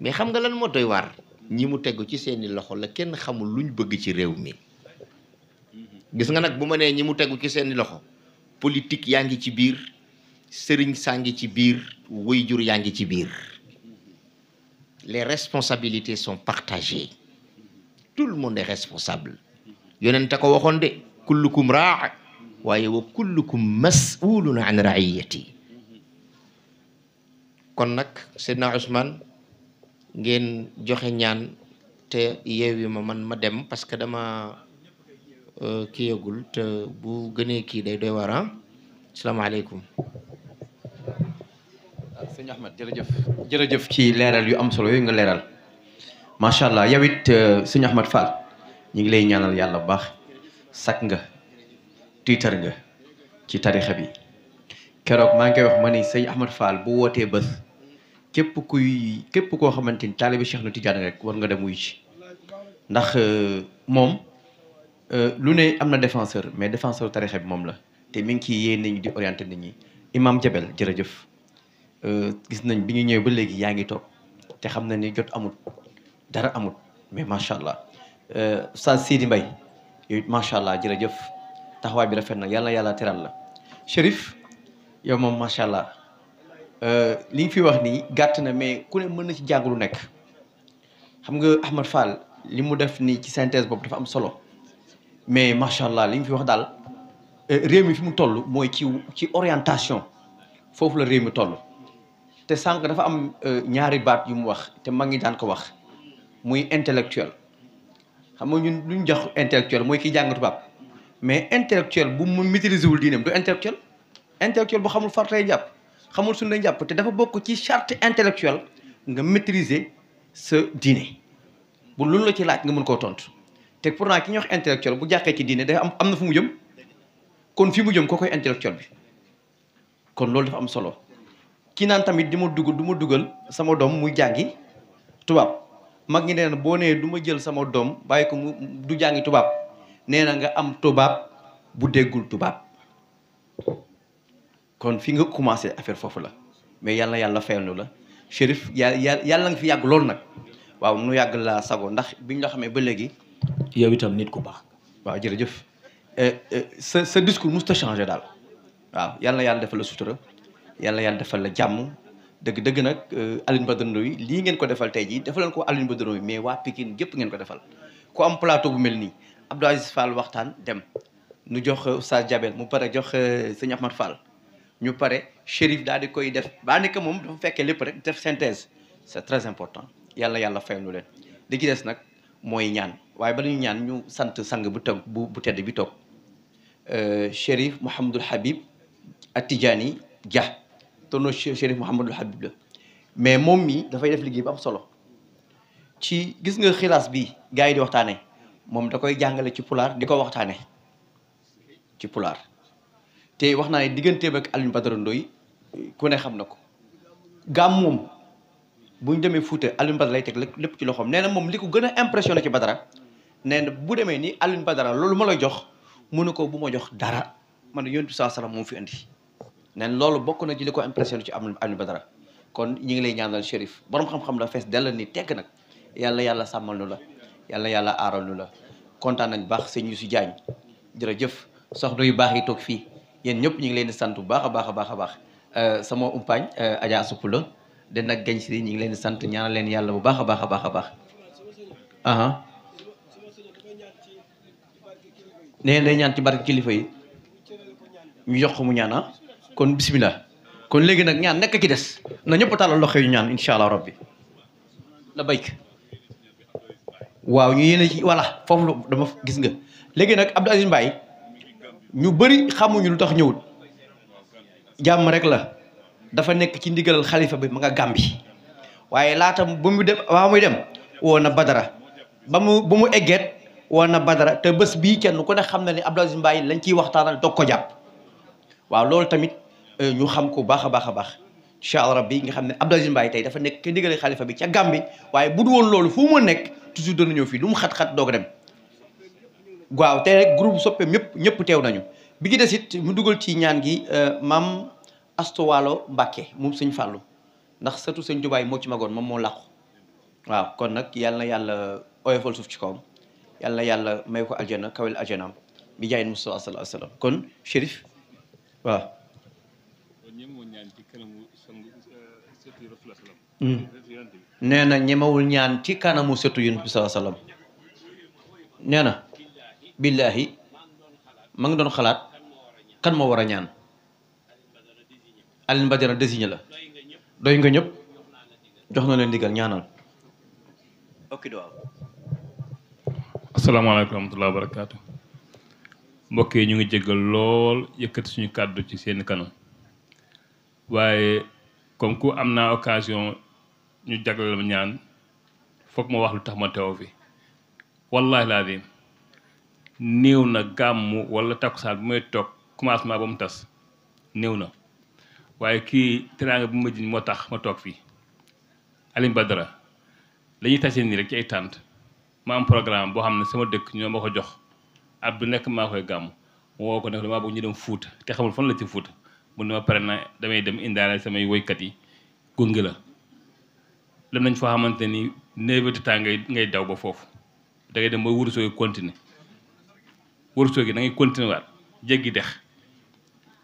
mais xam nga lan moo doy waar ñii mu tegu ci seeni loxo la kenn xamul luñ bëgg ci réew mi gis nga nag bu ma nee ñii mu tegu ci seeni loxo politique yaa ngi ci biir sëriñ saa ngi ci biir jur yaa ngi ci biir les responsabilités sont partagées tout le monde est responsable yonent a ko waxoon de kullukum raa waaye wa kullukum masulun an raiyati kon nag Seydina Ousmane ngeen joxe ñaan te yeewi ma man ma dem parce que dama Euh, kii yëgul te bu gënee kii day doy waar ah salaamaaleykum. Ah, sëñ Ahmed jërëjëf jërëjëf ci leeral yu am solo yooyu nga leeral macha allah yow it euh, sëñ Ahmed Fall ñu ngi lay ñaanal yàlla bu baax sakk nga tiitar nga ci tarixa bi keroog maa ngi koy wax ma ni sëñ Ahmed Fall bu wootee bés képp kuy képp koo xamante ni taalibe Cheikh na Tidiane rek war nga dem wuy ci ndax euh, moom. Euh, lu ne am na défenseur mais défenseur tarixa bi moom la te mi ngi ciy yee nit ñi di orienté nit ñi Imam Jabel jërëjëf euh, gis nañ bi ñu ñëwee ba léegi yaa ngi toog te xam na ni jot amut dara amut mais macha allah euh, Oustaz Sidi Mbaye mbay it macha allah jërëjëf taxawaay bi rafet na yàlla yàlla teral la Chérif yow moom macha allah li nga fi wax nii gàtt na mais ku ne mën na ci jàng lu nekk xam nga Ahmad Fall li mu def nii ci synthèse boobu dafa am solo. mais macha allah li ñu fi wax daal eh, réew mi fi mu toll mooy ci ci orientation foofu la réew mi toll te sànq dafa am eh, ñaari baat yu mu wax te mag ñi daan ko wax muy intellectuel xam nga ñun lu ñu jox intellectuel mooy kiy jàng tubaab mais intellectuel bu mu maîtriser wul diinam du intellectuel intellectuel boo xamul fartay jàpp xamul suñu lay jàpp te dafa bokk ci charte intellectuelle nga maîtriser sa diine bu loolu la ci laaj nga mun koo tontu. te pourtant ki ñuy wax intellectuel bu jàqee ci diine day am am na fu mu jëm kon fi mu jëm koo koy intellectuel bi kon loolu dafa am solo ki naan tamit di ma dugg du dugal sama doom muy jàngi tubaab mag ñi nee na boo nee du ma jël sama doom bàyyi ko mu du jàngi tubaab nee na nga am tubaab bu déggul tubaab kon fi nga commencé affaire foofu la mais yàlla yàlla fayal nu la Chérif yàlla yàlla nga fi yàgg loolu nag waaw nu yàgg laa sago ndax biñ la xamee ba léegi yow itam nit ku baax. waaw jërëjëf eh, eh, sa sa discours mosut a changé daal waaw yal yàlla defal la sutura yal yàlla defal la jàmm dëgg dëgg nag eh, Alioune Badara Ndoye yi lii ngeen ko defal tey jii defaleen ko Alioune Badara Ndoye mais waa Pikine gépp ngeen ko defal ku am plateau bu mel nii Abdou Aziz Fall waxtaan dem nu jox Oustaz Diabel mu pare jox sëñ Ahmad Fall ñu pare Chérif daal di koy def baa nekk moom dafa fekkee lépp rek def synthèse c'est très important yàlla yàlla fayal nu leen li ci des nag mooy ñaan. waaye bala ñu ñaan ñu sant sang bu toog bu bu tedd bi toog euh, Chérif Mouhamadul Habib Atijani Dia tono Chérif Mouhamadul Habib la mais moom mii dafay def liggéey bu am solo ci gis nga xilaas bi gars yi di waxtaane moom da koy jàngale ci pulaar di ko waxtaanee ci pulaar te wax naa ne digganteem ak Alioune Badara Ndoye ku ne xam na ko gàmm moom bu ñu demee Fuuta Alioune Badara lay teg lépp ci loxoom nee moom li ko gën a la ci Badara nee na bu demee ni Alioune Badara loolu ma la jox mu ne ko bu ma jox dara man ne yonent bi saa salaam moom fi andi nee loolu bokk na ci li ko impressionné ci Alioune Badara kon ñu ngi lay ñaanal Chérif borom xam la fees dell ni tekk nag yàlla yàlla sàmmal la yàlla yàlla aaral la kontaan nañ baax sëñ Youssou Diagne jërëjëf soxna yu baax yi toog fii yéen ñëpp ñu ngi leen di sant bu baax a baax a baax a baax euh, sama umpaañ euh, Adja Asupula den nag gañ si ñu ngi leen di sant ñaanal leen yàlla bu baax a baax a baax a baax nee day ñaan ci barke kilifa yi ñu jox mu ñaan ah. kon bisimilah kon léegi nag ñaan nekk ci des na ñëpp tàllal loxo yu ñaan incha allah rabbi la bayk waaw ñu yéene ci voilà foofu dama gis nga léegi nag Abdou Aziz Mbaye ñu bëri xamuñu lu tax ñëwul jàmm rek la dafa nekk ci ndigalal xalifa bi ma nga gàmbi waaye laata ba mu dem waa muy dem woo na Badara ba mu ba mu eggeet woon na Badara te bés bii kenn ko ne xam na ne Abdou Aziz Mbaye lañ ciy waxtaanal doog ko jàpp waaw loolu tamit euh, ñu xam ko baax a baax a baax incha allah rabbi nga xam ne Abdou Aziz Mbaye tey dafa nekk ke ndigal xalifa bi ca Gàmbi waaye bu du woon loolu fu mu nekk toujours dana ñëw fii lu mu xat-xat doog dem waaw tey rek groupe soppee ñëpp ñëpp teew nañu bi gi des it mu dugal ci ñaan gi euh, maam astuwaalo Mbàkke moom sëñ Fàllu ndax sëtu sëñ Jubaay moo ci magoon moom moo làqu waaw kon nag yàlla na yàlla oyofal ci kawam yàlla yàlla may ko aljana kawel aljanaam bi jaayin Mustafa sallallahu alayhi wa sallam kon Chérif waaw euh, hmm. nee na ñemewul ñaan ci kanamu sëtu yonent bi sallallahu alayhi wa sallam nee na billaahi ma ngi doon xalaat kan moo war a ñaan Alioune Badara désigné la doy nga ñëpp jox na leen ndigal ñaanal ok do asalaamaaleykum wa rahmatulah wa barakaatu mbokk yi ñu ngi jéggal lool yëkkati suñu kàddu ci seen kanam waaye comme ku am naa occasion ñu jagleel ñaan foog ma wax lu tax ma teew fi wallaahi laadim néew na gàmmu wala takkusaan bu may toog commencement ba mu tas néew na waaye kii teraanga bu ma jiñ moo tax ma toog fii Alioune Badara dañuy tase nii rek ci ay tànt ma am programme boo xam ne sama dëkk ñoo ma ko jox at bu nekk maa koy gàmm woo ko nekk damaa bëgg ñu dem Fuuta te xamul fan la ci Fuuta mu ne ma pare na damay dem indaale samay woykat yi gunge la dem nañ foo xamante ni néewétu temps ngay ngay daw ba foofu da dem ba wërsëg yi continuer wërsëg yi da ngay continuer dex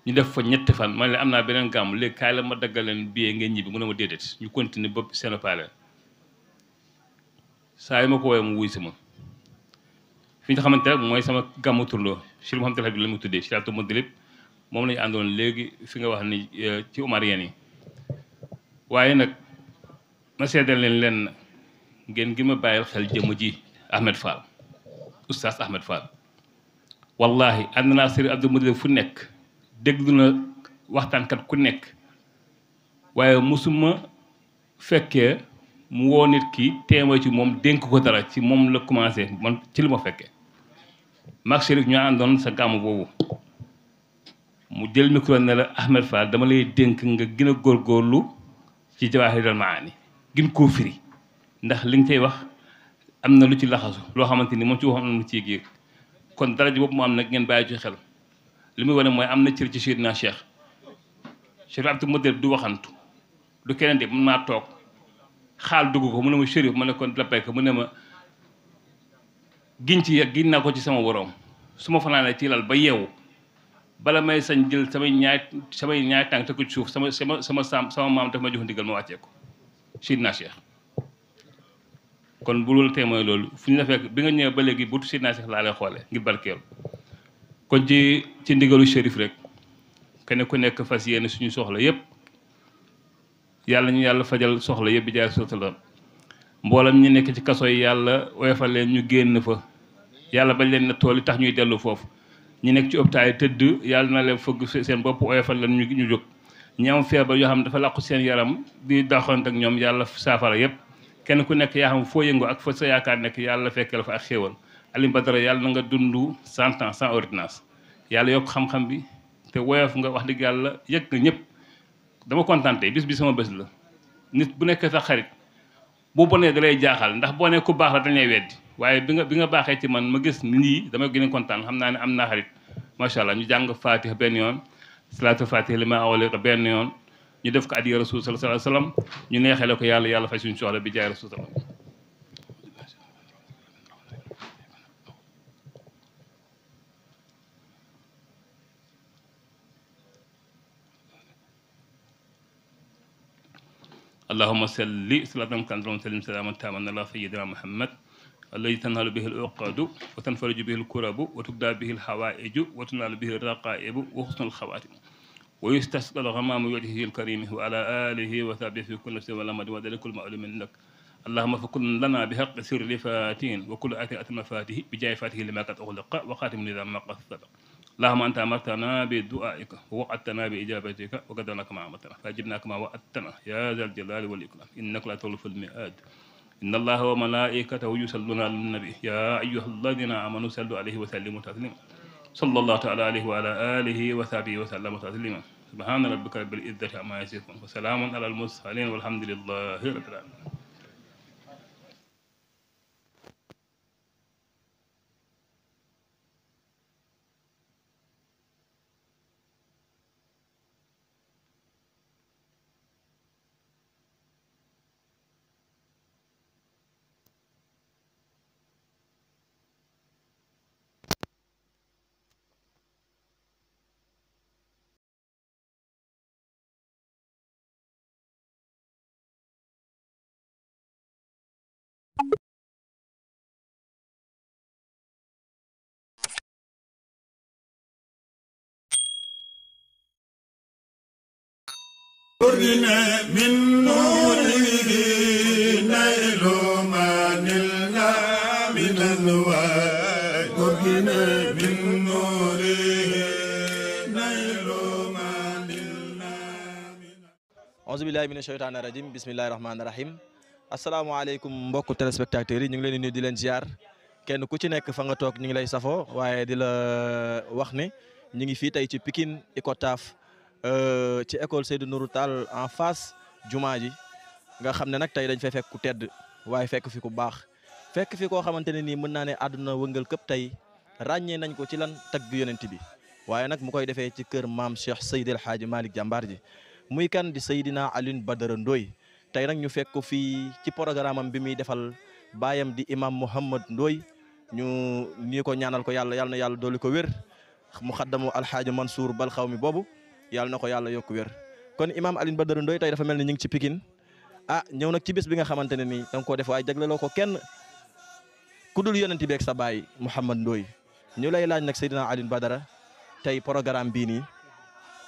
ñu def fa ñetti fan man la am naa beneen gàmm léegi kaay la ma daggal leen billet ngeen ñibbi mu ne ma déedéet ñu continuer ba seen saa yi ma ko woowee mu wuy si ma fi nga xamante mooy sama gàmmu turndoo si li mu xamante ne la mu tuddee si laatu moom la àndoon léegi fi nga wax ni euh, ci Omarien yi waaye nag ma seedal leen leen ngeen gi ma bàyyil xel jëmm ji Ahmed Fall oustaz Ahmed Fall. wallahi ànd naa sëriñ Abdou Moudalib fu nekk déglu na waxtaankat ku nekk waaye mosuma fekkee. mu woo nit ki téema ci moom dénk ko dara ci moom la commencé man ci li ma fekkee maag Chérif ñoo àndoon sa gaamu boobu mu jël micro ne la Ahmed Fall dama lay dénk nga gën a góorlu ci Jawahirul Maani gën koo firi ndax li nga cay wax am na lu ci laxasu loo xamante ni moom ci waxoon na ci géeg kon dara ji boobu mu am na ngeen bàyyi ci xel li muy wane mooy am na cër ci Seydina Cheikh Chérif Abdou Modèle du waxantu du keneen de mën naa toog xaal dugg ko mu ne ma shérif ma ne ko lappay ko mu ne ma giñ ci giñ na ko ci sama woroom su ma fanaanee ci lal ba yeewu bala may sañ jël samay ñaay samay ñaay tànk te ko ci suuf sama sama sama saam sama maam daf ma jox ndigal ma wàccee ko sidna kon bu loolu tey mooy loolu fu ñu la fekk bi nga ñëwee ba léegi butu sidna laa lay xoolee ngir barkeelu kon ci ci ndigalu shérif rek kenn ku nekk fas yéene suñu soxla yépp yàlla ñu yàlla fajal soxla yëpp bi jaay sotala mboola ñu nekk ci kaso yi yàlla woyofal leen ñu génn fa yàlla bañ leen na tool yi tax ñuy dellu foofu ñu nekk ci hôpital tëdd yàlla na leen fëgg seen bopp woyofal leen ñu ñu jóg ñi feebar yoo xam ne dafa làqu seen yaram di doxante ak ñoom yàlla saafara yëpp kenn ku nekk yaa xam foo yëngu ak fa sa yaakaar nekk yàlla fekke la fa ak xéewal Alioune Badara yàlla na nga dundu cent ans sans ordonnance yàlla yokk xam-xam bi te woyof nga wax dëgg yàlla yëg nga ñëpp dama kontaan bis bi sama bés la nit bu nekk sa xarit bu bonee da jaaxal ndax boo ne ku baax la dañ weddi waaye bi nga bi nga baaxee ci man ma gis nit ñi dama gën a kontaan xam naa ne am naa xarit macha allah ñu jàng Fatiha benn yoon salaatu Fatiha li ma awliqa benn yoon ñu def ko addiya rasul sallallahu alayhi wa sallam ñu neexale ko yàlla yàlla fay suñ soxla bi jaay rasul sallallahu اللهم صل صلاة كانت وسلم سلاما تاما على سيدنا محمد الذي تنال به العقد وتنفرج به الكرب وتبدى به الحوائج وتنال به الرقائب وحسن الخواتم ويستسقى الغمام وجهه الكريم وعلى آله وصحبه في كل نفس ولمد وذلك كل معلوم لك اللهم فكن لنا بحق سر لفاتين وكل آتي أتم فاته بجاي فاته لما قد أغلق وخاتم لذا ما قد سبق اللهم أنت أمرتنا بدعائك ووعدتنا بإجابتك وقدرنا كما أمرتنا فأجبنا كما وعدتنا يا ذا الجلال والإكرام إنك لا تخلف الميعاد إن الله وملائكته يصلون على النبي يا أيها الذين آمنوا صلوا عليه وسلموا تسليما صلى الله تعالى عليه وعلى آله وصحبه وسلم تسليما سبحان ربك رب العزة عما يصفون وسلام على المرسلين والحمد لله رب العالمين قرنا من نوره نيل ما نلنا من الوعي قرنا من نوره نيل ما نلنا أعوذ بالله من الشيطان الرجيم بسم الله الرحمن الرحيم asalaamaaleykum mbokku téléspectateurs yi ñu ngi leen di nuyu di leen ziar kenn ku ci nekk fa nga toog ñu ngi lay safoo waaye di la euh, wax ne ñu ngi fii tey ci Pikine Icotaf Euh, ci école Seydou Nourou Tall en face jumaa ji nga xam ne nag tey dañ fay fekk ku tedd waaye fekk fi ku baax fekk fi koo xamante ne nii mën naa ne àdduna wëngal këpp tey ràññee nañ ko ci lan tagg yonent bi waaye nag mu koy defee ci kër maam Cheikh Seydil Hadji Malick jàmbaar ji muy kan di Seydina Alioune Badara ndooy tey nag ñu fekk ko fii ci programme am bi muy defal baayam di imam Mouhamad ndooy ñu nii ko ñaanal ko yàlla yàlla na yàlla dooli ko wér mu xaddamu alxaaji Mansour bal xaw mi boobu yàlla na ko yàlla yokk wér kon imaam Alioune Badara Ndoye tey dafa mel ni ñu ngi ci Pikine ah ñëw nag ci bis bi nga xamante ne nii da nga koo def waaye jagleloo ko kenn ku dul yonent bi ak sa baay Mouhamad Ndoye ñu lay laaj nag Seydina Alioune Badara tey programme bii nii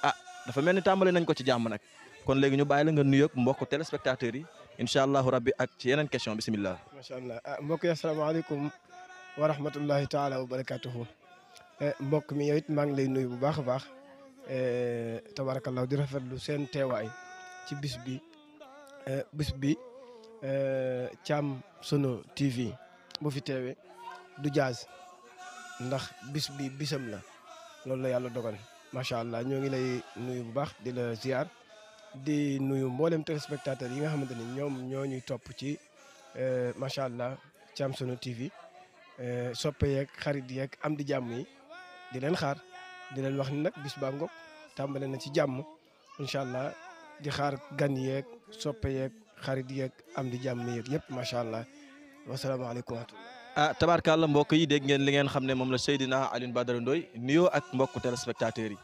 ah dafa mel ni tàmbale nañ ko ci jàmm nag kon léegi ñu bàyyi la nga nuyoog mbokk téléspectateurs yi incha allahu rabbi ak ci yeneen question bisimilah. macha allah ah mbokk yi asalaamaaleykum wa rahmatullahi taala wa barakatuhu eh, mbokk mi yow maa ngi lay nuyu bu baax a baax. Eh, tabarakallah di rafet lu seen teewaay ci bis bi eh, bis bi eh, Thiam Sono TV bu fi teewee du jaaz ndax bis bi bisam la loolu la yàlla dogal macha allah ñoo ngi lay nuyu bu baax di la ziar di nuyu mboolem téléspectateurs yi nga xamante ni ñoom ñoo ñuy topp ci macha allah Thiam Sono TV soppe yeeg xarit yeeg am di jàmm yi di leen xaar. di wax ni nag bis baa ngoog tàmbale na ci jàmm incha allah di xaar gan yeeg sopp yeeg xarit yeeg am di jàmm yeeg yëpp macha allah wasalaamaaleykum. ah tabaarkàlla mbokk yi deg ngeen li ngeen xam ne moom la Seydina Alioune Badara Ndoye nuyoo ak mbokku téléspectateurs yi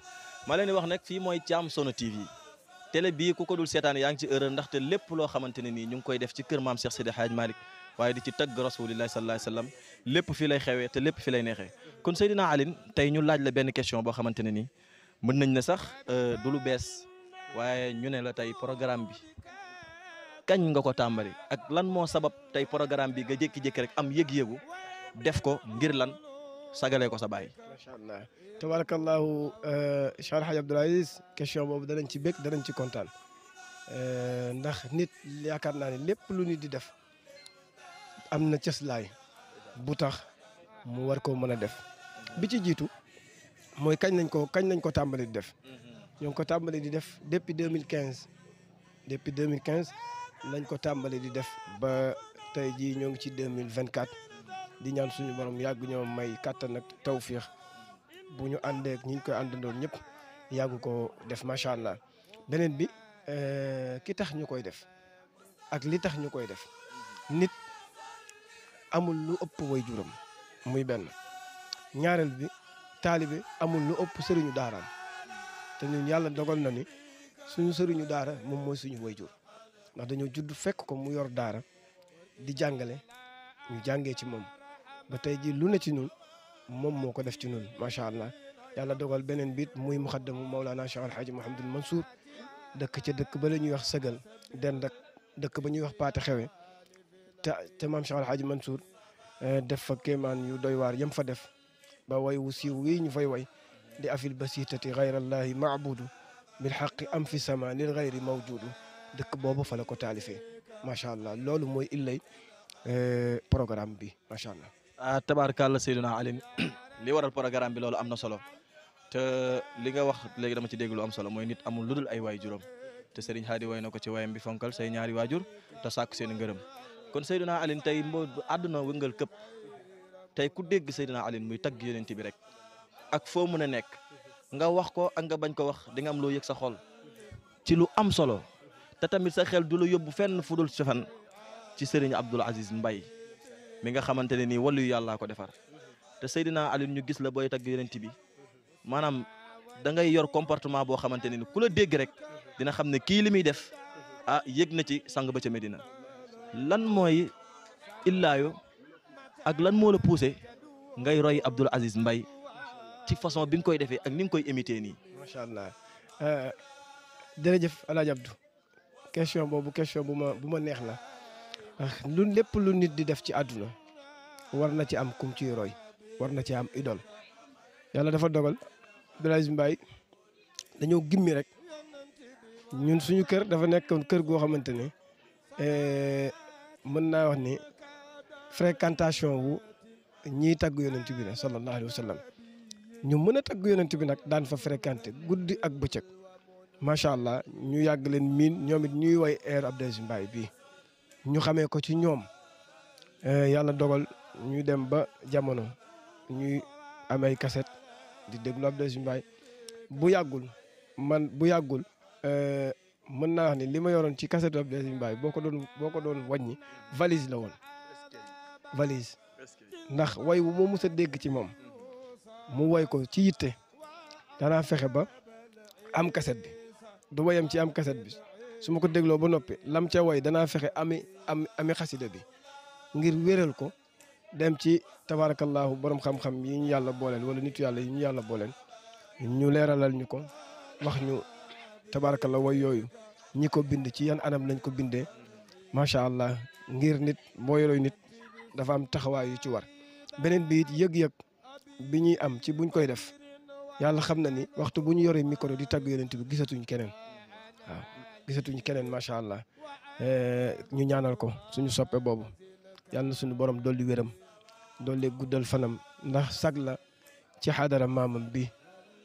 ma leen di wax nag fii mooy Thiam Sono TV télé bii ku ko dul seetaan yaa ngi ci erreur ndaxte lépp loo xamante ne nii ñu ngi koy def ci kër maam Cheikh Seydi Hadj Malick waaye di ci tagg rasulillahi sallallahu alayhi wasallam lépp fi lay xewee te lépp fi lay neexee kon Seydina alin tey ñu laaj la benn question boo xamante ne ni mën nañ ne sax euh, du lu bees waaye ñu ne la tey programme bi kañ nga ko tàmbali ak lan moo sabab tey programme bi nga jékki-jékki rek am yëg-yëgu def ko ngir lan sagale ko sa baay macha allah tabarakallahu euh, Cheikh Alhaji Abdoul Aziz question boobu danañ ci bëgg danañ ci kontaan euh, ndax nit yaakaar naa ne lépp lu nit di def. am na cëslaay bu tax mu war koo mën a def bi ci jiitu mooy kañ nañ ko kañ nañ ko tàmbali di def ñoo ko tàmbali di def depuis 2015 depuis 2015 lañ ko tàmbali di def ba tey jii ñoo ngi ci 2024 di ñaan suñu borom yàgg ñoo may nag ak tawfiix bu ñu àndee ak ñi ñu koy àndandoon ñëpp yàgg ko def macha allah beneen bi euh, ki tax ñu koy def ak li tax ñu koy def nit amul lu ëpp way juram muy benn ñaareel bi taalibe amul lu ëpp sëriñu daaraam te ñun yàlla dogal na suñu sëriñu daara moom mooy suñu way jur ndax dañoo judd fekk ko mu yor daara di jàngale ñu jàngee ci moom ba tey ji lu ne ci ñun moom moo ko def ci ñun macha allah yàlla dogal beneen biit muy muxaddamu Mawlana Cheikh Al Hadji Mouhamadul Mansour dëkk ca dëkk ba la ñuy wax sëgal den ak dëkk ba ñuy wax paate xewe te te maam Cheikh Al Hadj Mansour eh, def fa kéemaan yu doy waar yam fa def ba way wu siiw ñu fay way di afil basitati gayrallahi maabudu bil xaqi am fi sama lil gayri mawjudu dëkk boobu fa la ko taalifee macha allah loolu mooy illay eh, programme bi macha allah. ah tabaarkalla na Alioune li waral programme bi loolu am na solo te li nga wax léegi dama ci dégg lu am solo mooy nit amul lu dul ay waay juróom te Serigne Hadi way na ko ci waayam bi fonkal say ñaari waajur te sàkku seen ngërëm. kon Seydina Alioune tey moo àdduna wëngal këpp tey ku dégg Seydina Alioune muy tagg yonent bi rek ak foo mën a nekk nga wax ko ak nga bañ ko wax di nga am loo yëg sa xool ci lu am solo te tamit sa xel du la yóbbu fenn fu dul si fan ci Serigne Abdoul Aziz Mbaye mi nga xamante ne nii wàllu yàllaa ko defar te Seydina Alioune ñu gis la booy tagg yonent bi maanaam da ngay yor comportement boo xamante ne ni ku la dégg rek dina xam ne kii li muy def ah yëg na ci sang ba ca Medina. lan mooy illaayo ak lan moo la poussé ngay roy Abdoul Aziz Mbaye ci façon bi nga koy defee ak ni nga koy imité nii. macha allah euh, jërëjëf El Hadj question boobu question bu ma bu ma neex la lu lépp lu nit di def ci àdduna war na ci am kum ciy roy war na ci am idole yàlla dafa dogal Abdoul Aziz Mbaye dañoo gimmi rek ñun suñu kër dafa nekkoon kër goo xamante ne euh, mën naa wax ni fréquentation wu ñii tagg yonent bi la sallallahu alayhi wa sallam ñu mën a tagg yonent bi nag daan fa fréquenté guddi ak bëccëg macha allah ñu yàgg leen miin ñoom it ñuy woy air Abdou Mbaye bi ñu xamee ko ci ñoom eh, yàlla dogal ñu dem ba jamono ñuy am kaset di déglu Abdou Mbaye bu yàggul man bu yàggul eh, mën naa wax ne li ma yoroon ci kaset rab bi mbaay boo ko doon boo ko doon wàññi valise la woon valise ndax way wu ma mus dégg ci moom mu woy ko ci yitte danaa fexe ba am kaset bi du wayam ci am kaset bi su ma ko dégloo ba noppi lam ca woy danaa fexe ami am ami xasida bi ngir wéral ko dem ci tabaarakallaahu borom xam-xam yi ñu yàlla booleel wala nitu yàlla yi ñu yàlla booleel ñu ñu ko wax ñu la way yooyu ñi ko bind ci yan anam lañ ko bindee macha allah ngir nit mboolooy nit dafa am taxawaay yu ci war. beneen bi yëg-yëg bi ñuy am ci buñ koy def yàlla xam na ni waxtu bu ñu yoree micro di tagg yonent bi gisatuñ keneen waaw gisatuñ keneen macha allah eh, ñu ñaanal ko suñu soppee boobu yàlla na suñu borom dolli wéram dolli guddal fanam ndax sag la ci xadara maamam bi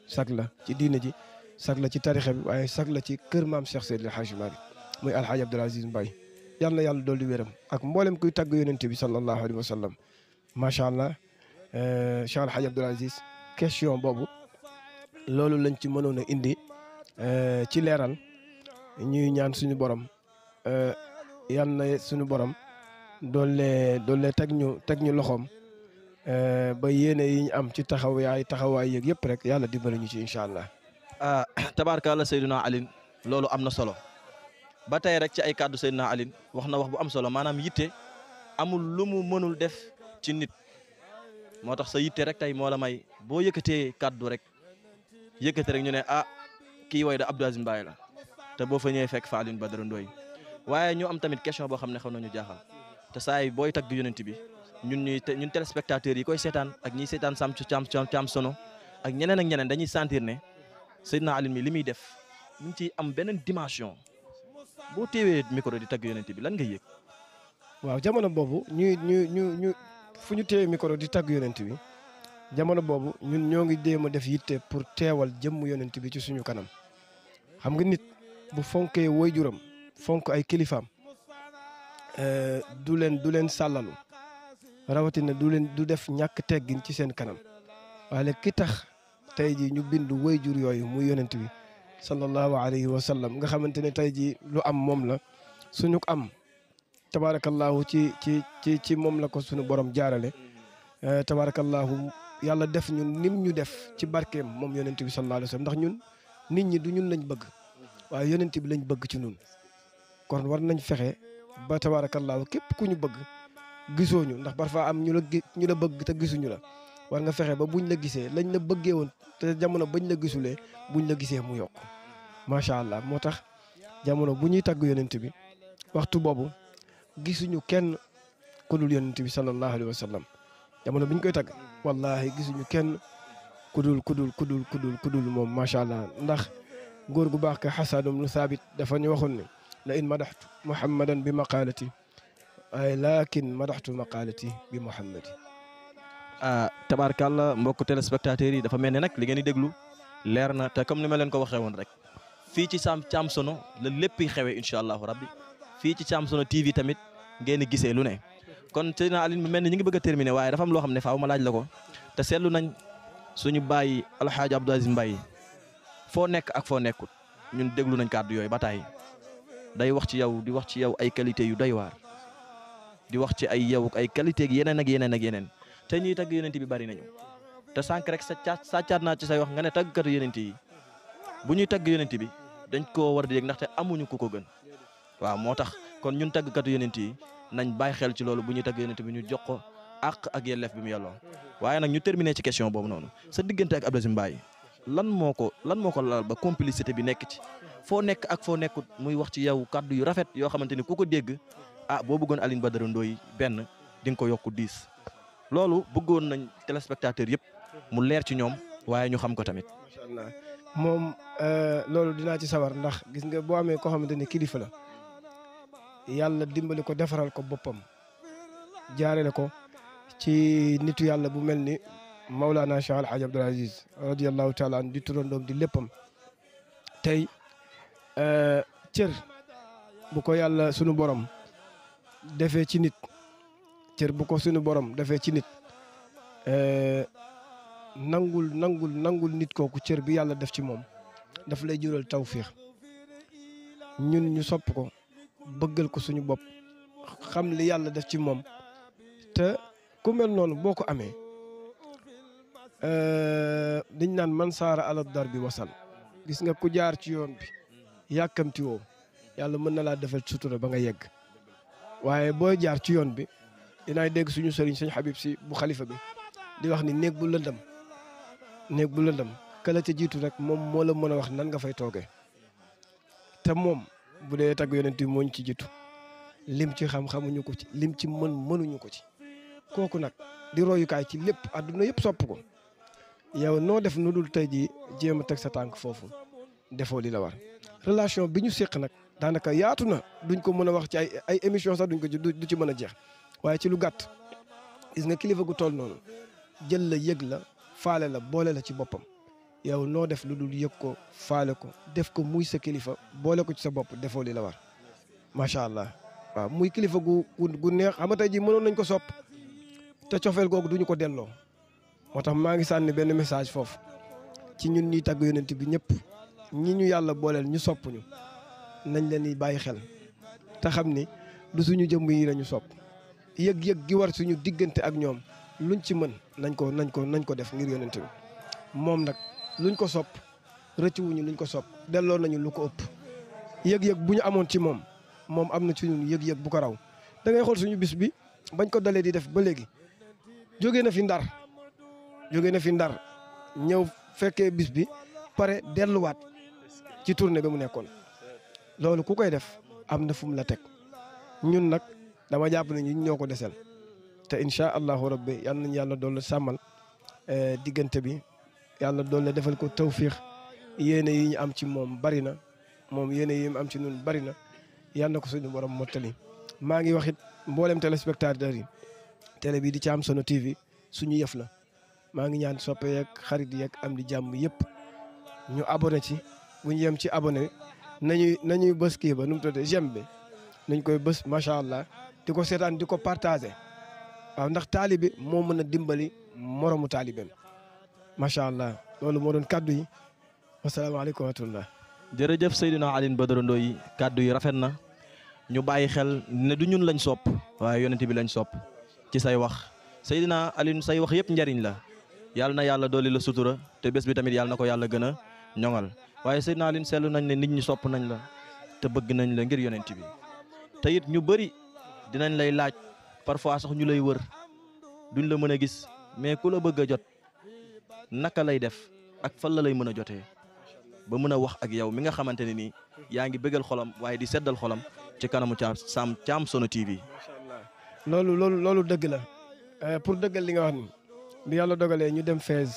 sag la ci diine ji. sag la ci tarixa bi waaye sag la ci kër maam Cheikh Seydil Hadji Malick muy alxaaji Abdoul Aziz Mbaye yal na yàlla di wéram ak mboolem kuy tàgg yonent bi sallallahu alayhi wa sallam macha allah eh, Cheikh alxaaji Abdoul Aziz question boobu loolu lañ ci mënoon a indi eh, ci leeral ñuy ñaan suñu borom eh, yal na suñu borom doole doole teg ñu teg ñu loxoom ba yéene yi ñu am ci taxaw yaay taxawaay yeeg yëpp rek yàlla dimbali ñu ci incha allah Ah, tabaarkalla naa alin loolu am na solo ba tey rek ci ay kàddu Seydina alin wax na wax bu am solo maanaam yitte amul lu mu mënul def ci nit moo tax sa yitte rek tey moo la may boo yëkkatee kàddu rek yëkkate rek ñu ne ah kii way da Abdou Aziz Mbaye la te boo fa ñëwee fekk fa Alioune Badara Ndoye waaye ñu am tamit question boo xam ne xaw nañu jaaxal te saa boo booy tagg yonent bi ñun ñuy ñun téléspectateurs yi koy seetaan ak ñiy seetaan Sam Sam Sam Sono ak ñeneen ak ñeneen dañuy sentir Seydina Ali mi li muy def mu ngi am beneen dimension boo teewee micro di tagg yonent bi lan nga yëg. waaw jamono boobu ñu ñu ñu ñu fu ñu teewee micro di tagg yonent bi jamono boobu ñun ñoo ngi jéem a def yitte pour teewal jëmm yonent bi ci suñu kanam xam nga nit bu fonkee waajuram fonk ay kilifaam euh, du leen du leen sàllalu rawatina du leen du def ñàkk teggin ci seen kanam waaye ki tey jii ñu bind wayjur yooyu muy yonent bi sallallahu alayhi wa sallam nga xamante ne tey jii lu am moom la suñu am tabaarakallaahu ci ci ci ci moom la ko suñu borom jaarale eh, tabaarakallaahu yàlla def ñun nim ñu def ci barkeem moom yonent bi sallallahu alayhi wa ndax ñun nit ñi du ñun lañ bëgg waaye yonent bi lañ bëgg ci nun kon war nañ fexe ba tabaarakallaahu képp ku ñu bëgg gisoo ñu ndax parfois am ñu ñu la bëgg te gisuñu la war nga fexe ba bu ñu la gisee lañ la bëggee woon te jamono bañ la gisulee buñ la gisee mu yokk macha allah moo tax jamono bu ñuy tagg yonent bi waxtu boobu gisuñu kenn ku dul yonent bi sallallahu alayhi wa jamono bi ñu koy tagg wallahi ñu kenn ku dul ku dul ku dul ku ku dul moom macha allah ndax góor gu baax ka xasaanum lu saabit dafa ñu waxoon ne la in madaxtu muhammadan bi maqaalati ay laakin madaxtu maqaalati bi muhammadi Ah, tabaarkàlla mbokk téléspectateurs yi dafa mel ni nag li ngeen di déglu leer na te comme ni ma leen ko waxee woon rek fii ci Sam Thiam Sono la lépp xewee incha allahu rabbi fii ci Thiam Sono TV tamit ngeen di gisee lu ne kon te naa Alioune mu mel ni ñu ngi bëgg a terminer waaye dafa am loo xam ne faaw ma laaj la ko te seetlu nañ suñu baay alxaaji Abdou Aziz Mbaye foo nekk ak foo nekkut ñun déglu nañ kàddu yooyu ba tàyyi day wax ci yow di wax ci yow ay qualité yu day waar di wax ci ay yow ay qualité yeneen ak yeneen ak yeneen te ñiy tagg yonent bi bari nañu te sànq rek sa caa sàccaat naa ci sa wax nga ne tàggkatu yonent yi bu ñuy tagg yonent bi dañ ko war di yëg ndaxte amuñu ku ko gën waaw moo tax kon ñun tàggkatu yonent yi nañ bàyyi xel ci loolu bu ñuy tagg yonent bi ñu jox ko àq ak yelleef bi mu yelloo waaye nag ñu terminé ci question boobu noonu sa diggante ak Abdou Aziz Mbaye lan moo ko lan moo ko lal ba complicité bi nekk ci foo nekk ak foo nekkut muy wax ci yow kàddu yu rafet yoo xamante ni ku ko dégg ah boo bëggoon Alioune Badara Ndoye benn di nga ko yokku diis loolu bëggoon nañ téléspectateur yëpp mu leer ci ñoom waaye ñu xam ko tamit. macha allah moom euh, loolu dinaa ci sawar ndax gis nga boo amee koo xamante ne kilifa la yàlla dimbali ko defaral ko boppam jaarale ko ci nit yàlla bu mel ni Maulana Cheikh Al Hadj Abdoul Aziz radiyallahu taala an di turandoom di léppam tey euh, cër bu ko yàlla sunu borom defee ci nit. cër bu ko suñu borom defee ci nit eh, nangul nangul nangul nit kooku cër bi yàlla def ci moom daf lay jural tawfiix ñun ñu sopp ko bëggal ko suñu bopp xam li yàlla def ci moom te ku mel noonu boo ko amee eh, dañ naan man saara alal dar bi wasal gis nga ku jaar ci yoon bi yàkkamti woo yàlla mën na laa defal sutura ba nga yegg waaye boo jaar ci yoon bi dinaay dégg suñu sëriñ sëñ Habib si bu xalifa bi di wax ni néeg bu lëndam néeg bu lëndam kala ca jiitu nag moom moo la mën a wax nan nga fay toogee te moom bu dee tagg yonent bi mooñ ci jiitu lim ci xam ko ci lim ci mën mënuñu ko ci kooku nag di royukaay ci lépp àdduna yëpp sopp ko yow noo def nu dul tey ji jéem a teg sa tànk foofu defoo li la war relation bi ñu séq nag daanaka yaatu na duñ ko mën a wax ci ay ay émission sax duñ ko du ci mën a jeex waaye ci lu gàtt gis nga kilifa gu toll noonu jël la yëg la faale la boole la ci boppam yow noo def lu dul yëg ko faale ko def ko muy sa kilifa boole ko ci sa bopp defoo li la war macha allah waaw muy kilifa gu gu neex xam nga tey jii nañ ko sopp te cofeel googu duñu ko delloo moo tax maa ngi sànni benn message foofu ci ñun ñuy tagg yonent bi ñëpp ñii ñu yàlla booleel ñu soppuñu nañ leen di bàyyi xel te xam ni du suñu jëmm yi lañu sopp yëg-yëg gi war suñu diggante ak ñoom luñ ci mën nañ ko nañ ko nañ ko def ngir yonent bi moom nag luñ ko sopp rëccuwuñu luñ ko sopp delloo nañu lu ko ëpp yëg-yëg bu ñu amoon ci moom moom am na ci ñun yëg-yëg bu ko raw da ngay suñu bis bi bañ ko dalee di def ba léegi jóge na fi ndar na fi ndar ñëw fekkee bis bi pare delluwaat ci tournée ba mu nekkoon loolu ku koy def am na fu la teg ñun nag dama jàpp ne ñun ñoo ko desel te incha allahu rabbi yan nañu yàlla doole sàmmal eh, diggante bi yàlla doole defal ko tawfiix yéene yi ñu am ci moom bari na moom yéene yi am ci ñun bari na yal na ko suñu borom mottali. maa ngi wax it mboolem téléspectateurs yi télé bi di Thiam Sono TV suñu yëf la maa ngi ñaan soppe yeeg xarit yeeg am di jàmm yëpp ñu abonné ci bu ñu yem ci abonné nañuy nañuy bës kii ba nu mu tuddee j'aime bi nañ koy bës macha allah. di ko seetaan di ko partagé waaw ndax taalibi moo mën a dimbali moromu taalibeem macha allah loolu moo doon kaddu yi wasalaamaaleykum wa rahmatullah jërëjëf Seydina Alioune Badara Ndoye kaddu yi rafet na ñu bàyyi xel ne du ñun lañ sopp waaye yonent bi lañ sopp ci say wax Seydina Alioune say wax yëpp njariñ la yàlla na yàlla dooli la sutura te bes bi tamit yàlla na ko yàlla gën a ñoŋal waaye Seydina Alioune seetlu nañ ne nit ñi sopp nañ la te bëgg nañ la ngir yonent bi dinañ lay laaj parfois sax ñu lay wër duñ la mën a gis mais ku la bëgg a jot naka lay def ak fan la lay mën a jotee ba mën a wax ak yow mi nga xamante ne nii yaa ngi bëggal xolam waaye di seddal xolam ci kanamu Thiam Sam Thiam Sono TV. macha allah loolu loolu loolu dëgg la euh, pour dëggal li nga wax bi yàlla dogalee ñu dem Fès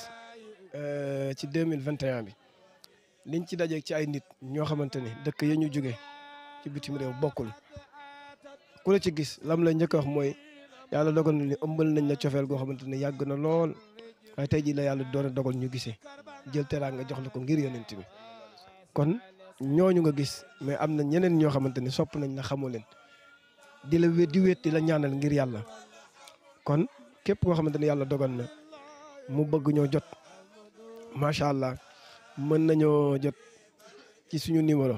euh, ci deux mille vingt et un bi niñ ci dajeeg ci ay nit ñoo xamante ni dëkk ya ñu jóge ci bitim réew bokkul. ku la ci gis lam la njëkk wax mooy yàlla dogal na ni ëmbal nañ la cofeel goo xamante ne yàgg na lool waaye tey jii la yàlla doon dogal ñu gisee jël nga jox la ko ngir yonent bi kon ñooñu nga gis mais am na ñeneen ñoo xamante ne sopp nañ la xamoo leen di la wé di wét di la ngir yàlla kon képp koo xamante ne yàlla dogal na mu bëgg ñoo jot macha allah mën nañoo jot ci suñu numéro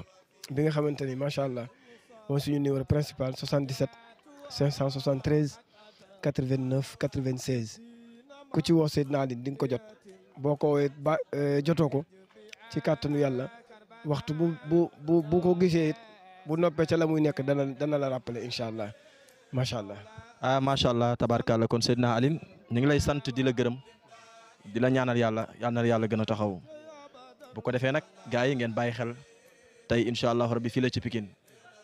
bi nga xamante ni macha allah mooy suñu numéro principal 77 573 89 96 ku ci woo Seydina Ali di nga ko jot boo ko woowee ba euh, jotoo ko ci kàttanu yàlla waxtu bu bu bu bu ko gisee it bu noppee ca la muy nekk dana dana la rappeler incha allah macha allah. ah macha allah tabarkàlla kon Seydina alin ñu ngi lay sant di la gërëm di la ñaanal yàlla ñaanal yàlla gën a taxaw bu ko defee nag gars yi ngeen bàyyi xel tey incha allah rabbi fi la ci Pikine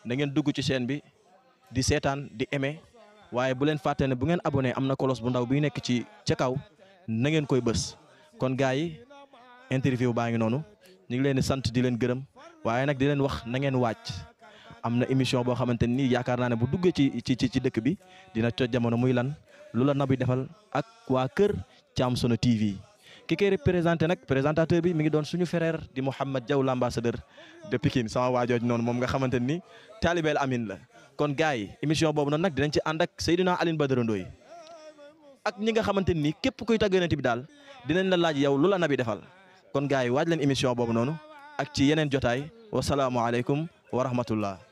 na ngeen dugg ci chaîne bi di seetaan di eme waaye bu leen fàtte bu ngeen abone am na kolos bu ndaw bi nekk ci ca kaw na ngeen koy bës kon gars yi interview baa ngi noonu ñu leen sant di leen gërëm waaye nag di leen wax na ngeen wàcc am na émission boo xamante nii yaakaar naa ne bu duggee ci ci ci dëkk bi dina co jamono muy lan lu la nabi defal ak waa kër Thiam Sono TV. ki koy représenté nag présentateur bi mi ngi doon suñu frère di Mouhamed Diaw l'ambassadeur de Pikine sama waajooj noonu moom nga xamante ni taalibeel amin la kon gars yi émission boobu noonu nag dinañ ci ànd ak Seydina Aline Badara Ndoye ak ñi nga xamante ni képp koy tàgg yonent bi daal dinañ la laaj yow lu la nabi defal kon gars yi waaj leen émission boobu noonu ak ci yeneen jotaay wasalaamualeykum wa rahmatullah